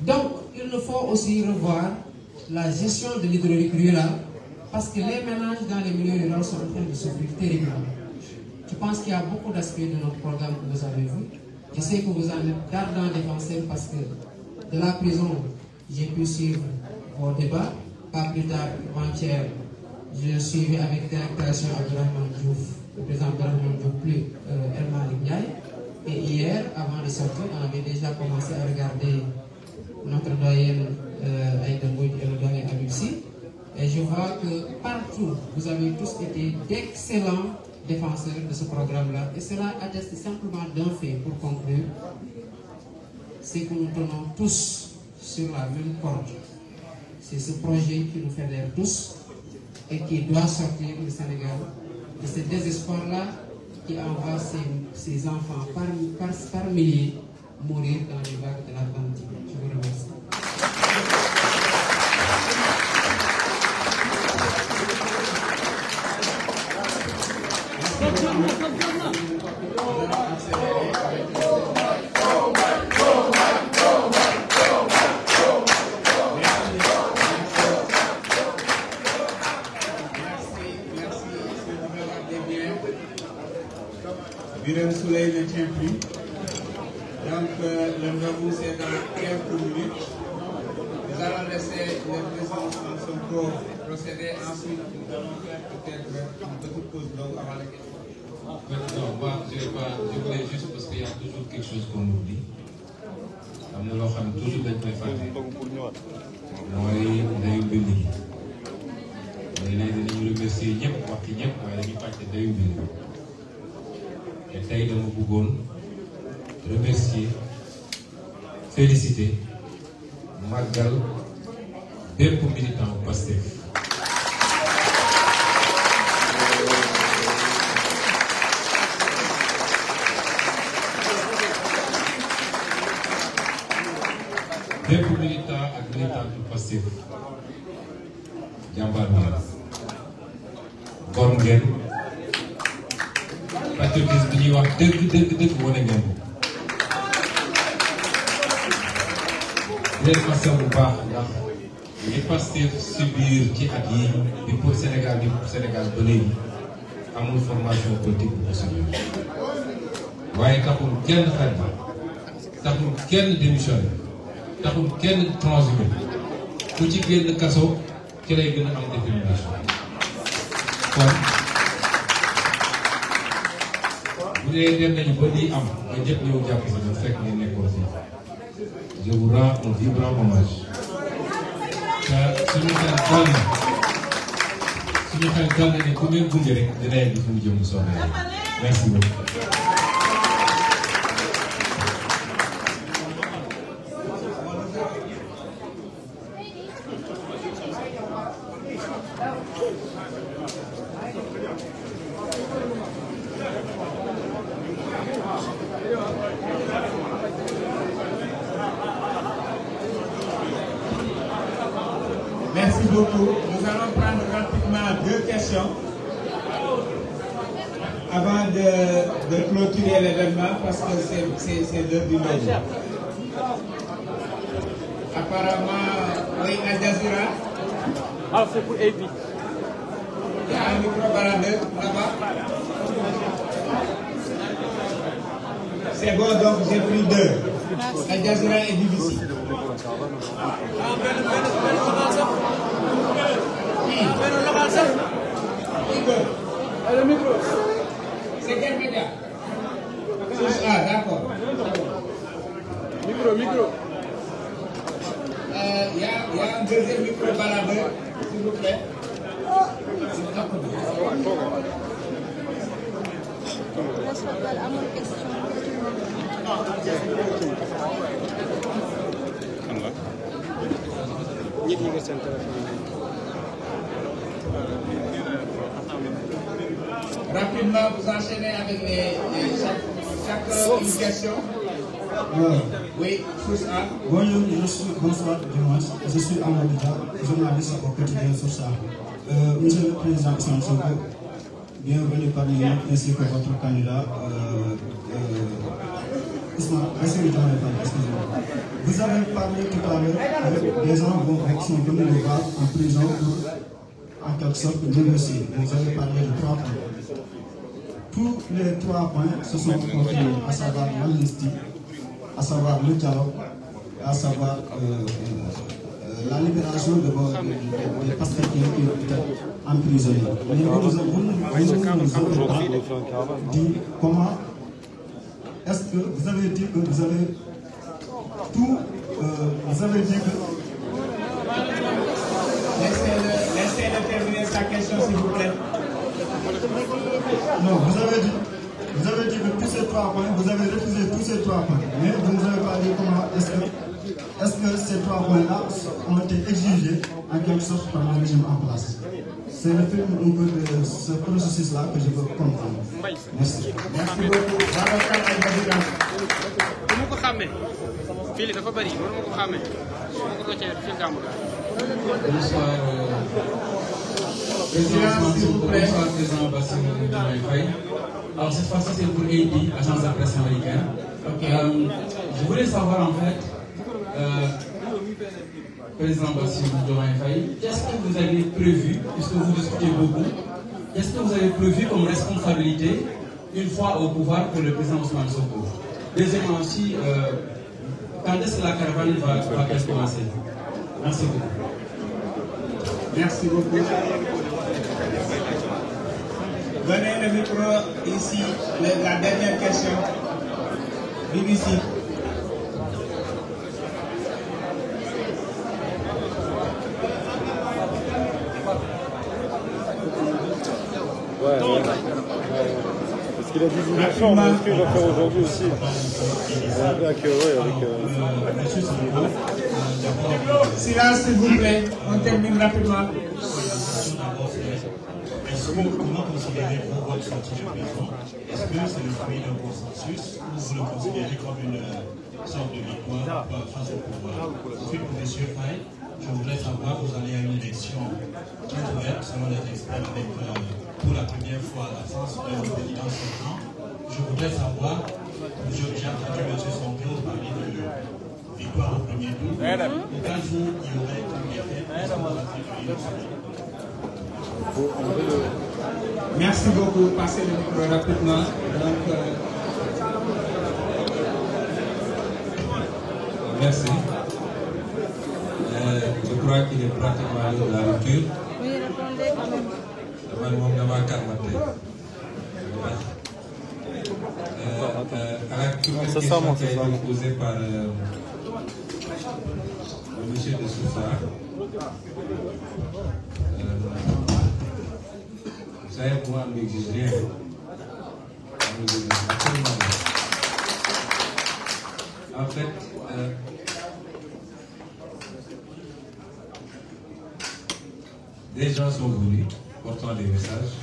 il nous faut aussi revoir la gestion de l'hydraulique rurale parce que les ménages dans les milieux ruraux sont en train de souffrir terriblement. Je pense qu'il y a beaucoup d'aspects de notre programme que vous de la prison, j'ai pu suivre vos débats. Pas plus tard qu'avant-hier, je suivais avec délectation Abdourahmane Diouf, le président Abdourahmane Diouf, plus euh, El Et hier, avant de sortir, on avait déjà commencé à regarder notre doyen euh, et le doyen Habib Sy. Et je vois que partout, vous avez tous été d'excellents défenseurs de ce programme-là. Et cela atteste simplement d'un fait, pour conclure, c'est que nous tenons tous sur la même corde. C'est ce projet qui nous fédère tous et qui doit sortir le Sénégal de ce désespoir-là qui envoie ses, ses enfants par, par, par milliers mourir dans les vagues bëggoon remercier féliciter màggal formation waaye taxul kenn xajma taxul kenn démissionné taxul kenn transhumé ku ci génn kaso ci lay gën a am détermination kon. bu dee dem nañu ba lii am nga jëpp ñëw jàpp si ñu fekk ñu nekkoon si je vous rends un vibrant hommage. te suñu seen tool suñu xel dal na ne ku ngeen mu jëm soxla Apparemment, oui, Al Jazeera. Ah, c'est pour AP. Il y a un micro-baladeur là-bas. C'est bon, donc j'ai pris deux. Al Jazeera est BBC. Ah, oui. C'est quel média Rapidement, vous enchaînez avec les, les chaque, chaque euh, une question. Voilà. Oui, Source Bonjour, je suis, bonsoir du moins. Je suis Amadou journaliste au quotidien Source A. Euh, monsieur le Président Sansogo, bienvenue parmi nous ainsi que votre candidat euh, euh, Ousmane Bassirou Vous avez parlé tout des gens qui sont venus nous voir en prison pour en quelque sorte Vous avez parlé de trois points. Tous les trois points se sont confirmés, à savoir l'amnistie, à savoir le dialogue, à savoir euh, euh, la libération de vos, des, des pastèques qui ont été emprisonné mais nous dit comment est-ce que vous avez dit que vous avez tout euh, vous avez dit que. laissez-le laissez-le terminer sa question s'il vous plaît. non vous avez dit vous avez dit que tous ces trois points vous avez refusé tous ces trois points mais vous n'avez pas dit comment est-ce que. Est-ce que ces trois points-là ont été exigés en quelque sorte par le régime en place? C'est le fruit de ce processus-là que je veux comprendre. Merci. Merci beaucoup. Babacar Albaïda. bu ma ko xàmmee fii li dafa bëri loolu ma ko xàmmee su ma ko rëccee fii gàmmu la. Bonsoir. Président Mansour, bonsoir président Bassirou Diomaye Faye. Alors cette fois-ci c'est pour AID, agence de presse américaine. Okay. Euh, um, je voulais savoir en fait. Euh, président Bassirou Diomaye Faye qu'est-ce que vous avez prévu puisque vous discutez beaucoup quest que vous avez prévu comme responsabilité une fois au pouvoir pour le président Ousmane Sonko deuxièmement aussi euh, que la caravane va va commencer merci beaucoup. merci beaucoup. donnez il a 19 ans, mais est-ce qu'il va faire aujourd'hui aussi Avec, euh, ouais, avec, euh... Silence, s'il vous plaît, on termine rapidement. Comment, comment considérez votre sentiment Est-ce que c'est le fruit d'un consensus ou vous le considérez comme une euh, sorte de victoire face au pouvoir Ensuite, monsieur Fay, je voudrais savoir, vous allez à une élection qui est ouverte selon les experts avec. Euh, pour la première fois la séance du président sortant, je voudrais savoir, j'ai entendu M. Sampio parler de victoire au premier tour, au cas où il y aurait combien de Merci beaucoup. Passez le micro rapidement. Donc, euh... Merci. Euh, je crois qu'il est pratiquement à la rupture. man moom damaa kàrmat tey à la première question qui a été posée par euh, le monsieur de Sousa euh, vous savez moi on n'exige rien on n'exige absolument rien en fait euh, des gens sont venus portant des messages.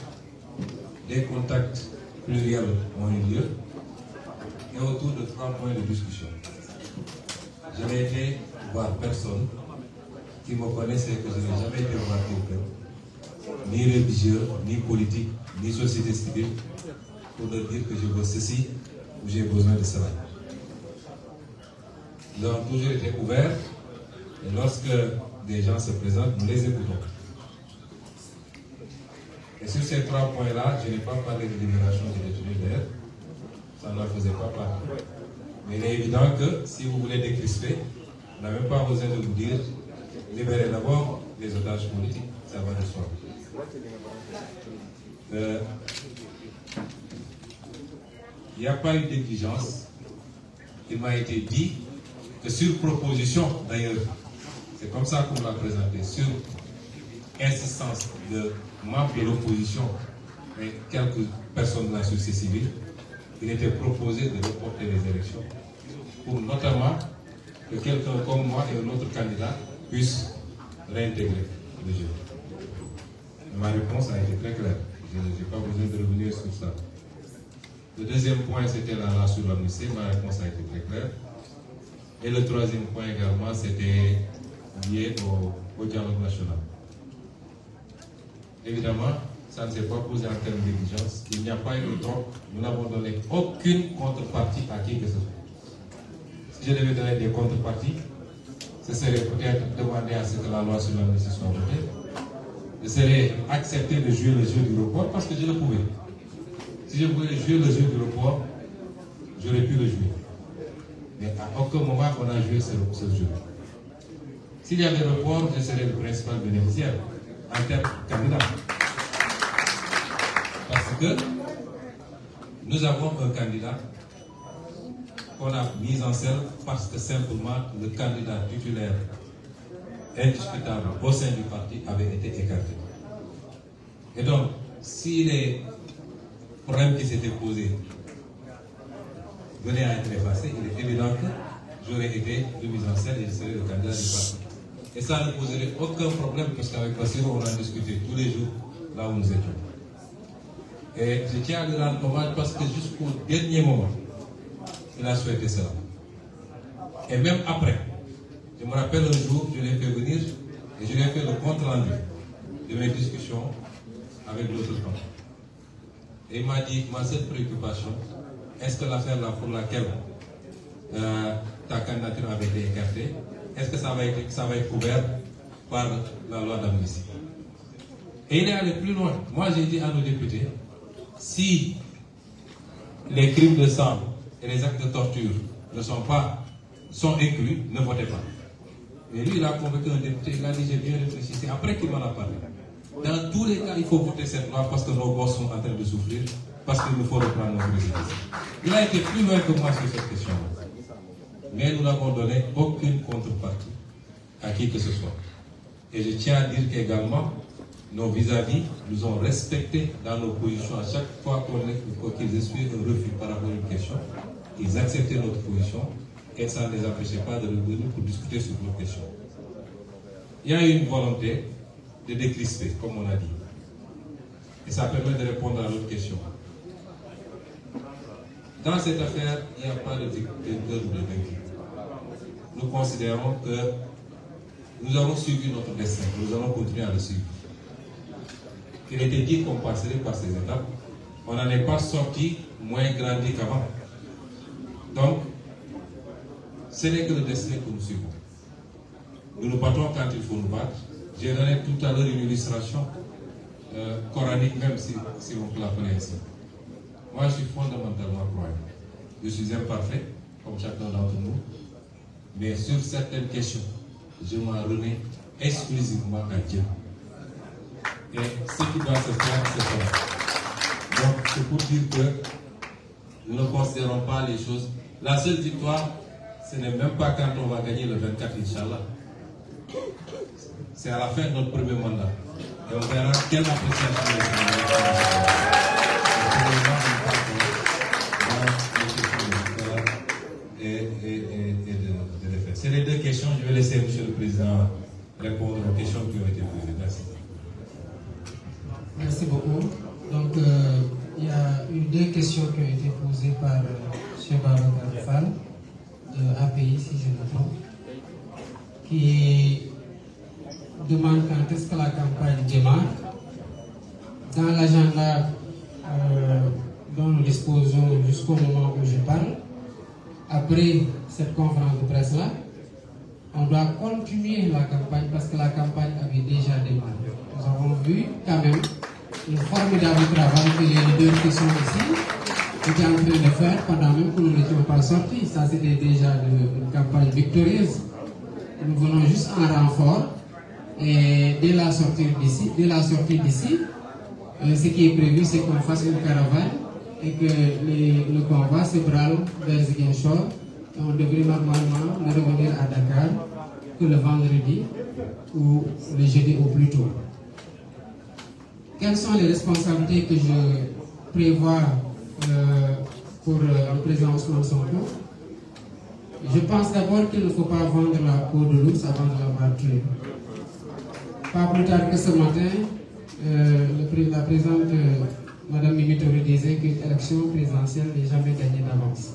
Des contacts pluriels ont eu lieu et autour de trois points de discussion. Je n'ai été voir personne qui me connaissait que je n'ai jamais été voir quelqu'un, ni religieux, ni politique, ni société civile, pour leur dire que je veux ceci ou j'ai besoin de cela. Ils toujours été ouverts lorsque des gens se présentent, nous les écoutons. Et sur ces trois je n'ai pas parlé de libération de détenus d'ailleurs, ça n'en faisait pas partie. Mais il est évident que si vous voulez décrisper, vous n'avez pas de vous dire libérez d'abord les otages politiques, ça va de euh, a pas eu d'exigence. Il m'a été dit que sur proposition, d'ailleurs, c'est comme ça l'a présenté, sur insistance de membre de l'opposition et quelques personnes de la société civile, il était proposé de reporter les élections pour notamment que quelqu'un comme moi et un autre candidat puisse réintégrer le jeu. ma réponse a été très claire. Je n'ai pas besoin de revenir sur ça. Le deuxième point, c'était la loi sur l'amnistie. Ma réponse a été très claire. Et le troisième point également, c'était lié au, au dialogue national. Évidemment, ça ne s'est pas posé en termes d'exigence. Il n'y a pas eu de troc. Nous n'avons contrepartie à qui que ce Si je devais donner des contreparties, ce serait peut-être demander à ce que la loi sur l'amnistie soit votée. Je serais accepté de jouer le jeu du report parce je le pouvais. Si je voulais jouer le jeu du report, j'aurais pu le jouer. Mais à aucun moment on a joué ce, ce jeu. S'il y avait report, je serais le principal bénéficiaire. en Parce que nous avons un candidat qu'on a mis en scène parce que simplement le candidat titulaire indiscutable au sein du parti avait été écarté. Et donc, si les problèmes qui s'étaient posés venaient à être effacés, il est évident que j'aurais été de mise en scène et je le candidat du parti. Et ça ne poserait aucun problème parce qu'avec Bassirou, on a discuté tous les jours là où nous étions. Et je tiens à lui rendre parce que jusqu'au dernier moment, il a souhaité cela. Et même après, je me rappelle un jour, je l'ai fait venir et je lui fait le compte rendu de mes discussions avec l'autre camp. Et m'a dit, ma seule préoccupation, est-ce que l'affaire là pour laquelle euh, ta avait été est-ce va être, ça va être couvert par la loi d'amnistie Et il est allé plus loin. Moi, j'ai dit à nos si les crimes de sang et les actes de torture ne sont pas, sont inclus, ne votez pas. Et lui, il a convaincu un député, il a dit, j'ai bien réfléchi, c'est après qu'il m'en a parlé. Dans tous les cas, il faut voter cette loi parce que nos gosses sont en train de souffrir, parce qu'il nous faut reprendre nos résidences. Il a été plus loin que moi sur cette question-là. mais nous n'avons donné aucune contrepartie à qui que ce soit. Et je tiens à dire également, nos vis-à-vis nous ont respectés dans nos positions. À chaque fois qu'ils essuyaient un refus par rapport à question, ils acceptaient notre position et ça ne les empêchait pas de revenir pour discuter sur nos questions. Il y a une volonté de décrisper, comme on a dit. Et ça permet de répondre à notre question. Dans cette affaire, il n'y a pas de dictateur ou de vaincu. Nous considérons que nous avons suivi notre destin, nous allons continuer à le suivre. Il était dit qu'on par ces étapes. On n'en est pas sorti moins grandi Donc, ce n'est que le destin que nous suivons. Nous nous battons quand il faut nous tout à l'heure une illustration euh, coranique, même si, si on peut Moi, je suis fondamentalement croyant. Je suis imparfait, comme chacun d'entre nous. Mais sur certaines questions, je m'en remets exclusivement à Dieu. Et ce qui Donc, c'est pour dire que nous ne considérons pas les choses. La seule victoire, ce n'est même pas quand va gagner le 24, Inch'Allah. C'est à la fin notre premier mandat. Et on verra quelle appréciation vais laisser Monsieur le Président répondre aux questions qui ont été posées. Merci. Merci beaucoup. Donc, euh, il euh, y a eu deux questions qui ont été posées par euh, M. Babacar Fall, de API, si je me trompe, qui demande quand est-ce que la campagne démarre. Dans l'agenda euh, dont nous disposons jusqu'au moment où je parle, après cette conférence de presse-là, on doit continuer la campagne parce que la campagne avait déjà démarré. Nous avons vu quand même formidable travail que les leaders qui sont ici étaient en train de faire pendant même que nous n'étions pas sortis. Ça, c'était déjà une campagne victorieuse. Nous venons juste en renfort la sortie d'ici, dès la sortie d'ici, euh, ce qui est prévu, c'est qu'on fasse une et que le convoi se brale vers Ziguinchor on devrait normalement ne revenir à Dakar que le vendredi ou le jeudi au plus tôt. Quelles sont les responsabilités que je prévois euh, pour euh, le président Ousmane Sonko Je pense d'abord qu'il ne pas vendre la peau de l'ours avant de l'avoir tué. Pas plus que ce matin, euh, le, la présidente euh, Madame Mimi disait qu'une élection présidentielle n'est jamais gagnée d'avance.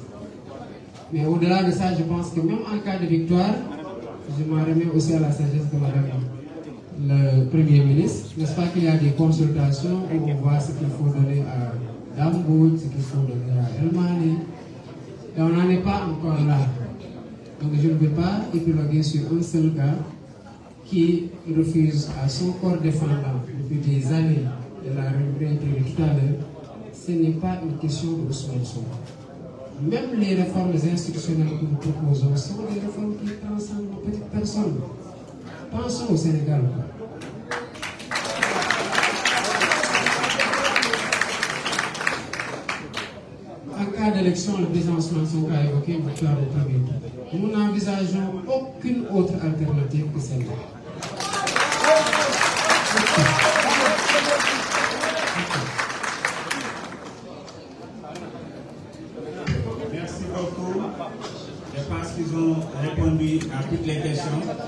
Mais au-delà de ça, je pense que même en cas de victoire, je m'en aussi à la sagesse de Madame le ministre. nest pas qu'il y a des consultations où on ce qu'il faut donner à Damboud, ce qu'il faut donner à Elmani. Et on n'en est pas encore là. Donc je ne vais pas épiloguer sur un seul cas qui refuse à son corps défendant depuis des années, de la république tout à l'heure, ce n'est pas une question de Ousmane même les réformes institutionnelles que nous proposons sont des réformes qui transcendent nos petites personnes. Pensons au Sénégal. En cas d'élection, le président Sonko a évoqué une victoire au premier tour. Nous n'envisageons aucune autre alternative que celle-là.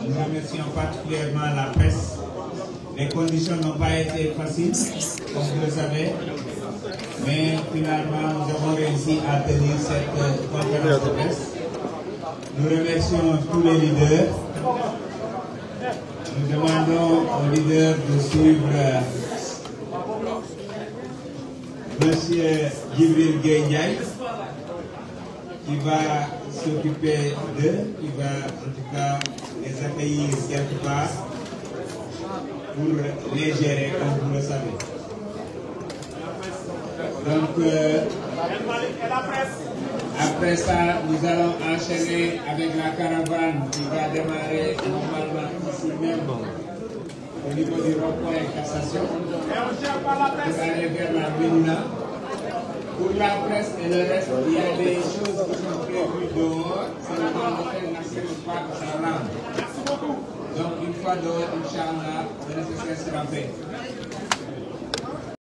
Nous remercions particulièrement la presse. Les conditions n'ont pas été faciles, comme vous le savez, mais finalement nous tenir cette conférence de presse. Nous remercions tous les leaders. Nous demandons aux leaders de suivre euh, Monsieur Djibril Gueye qui va s'occuper d'eux, qui va en et s'accueillir quelque part pour les gérer comme vous le savez. Donc, euh, après ça, nous allons enchaîner avec la caravane qui va démarrer normalement ici même au niveau du rond-point et cassation pour aller vers la Médina. Pour la presse et le reste, il y a des choses qui sont prévues dehors. Donc, une fois dehors, Inch'Allah, le nécessaire sera fait.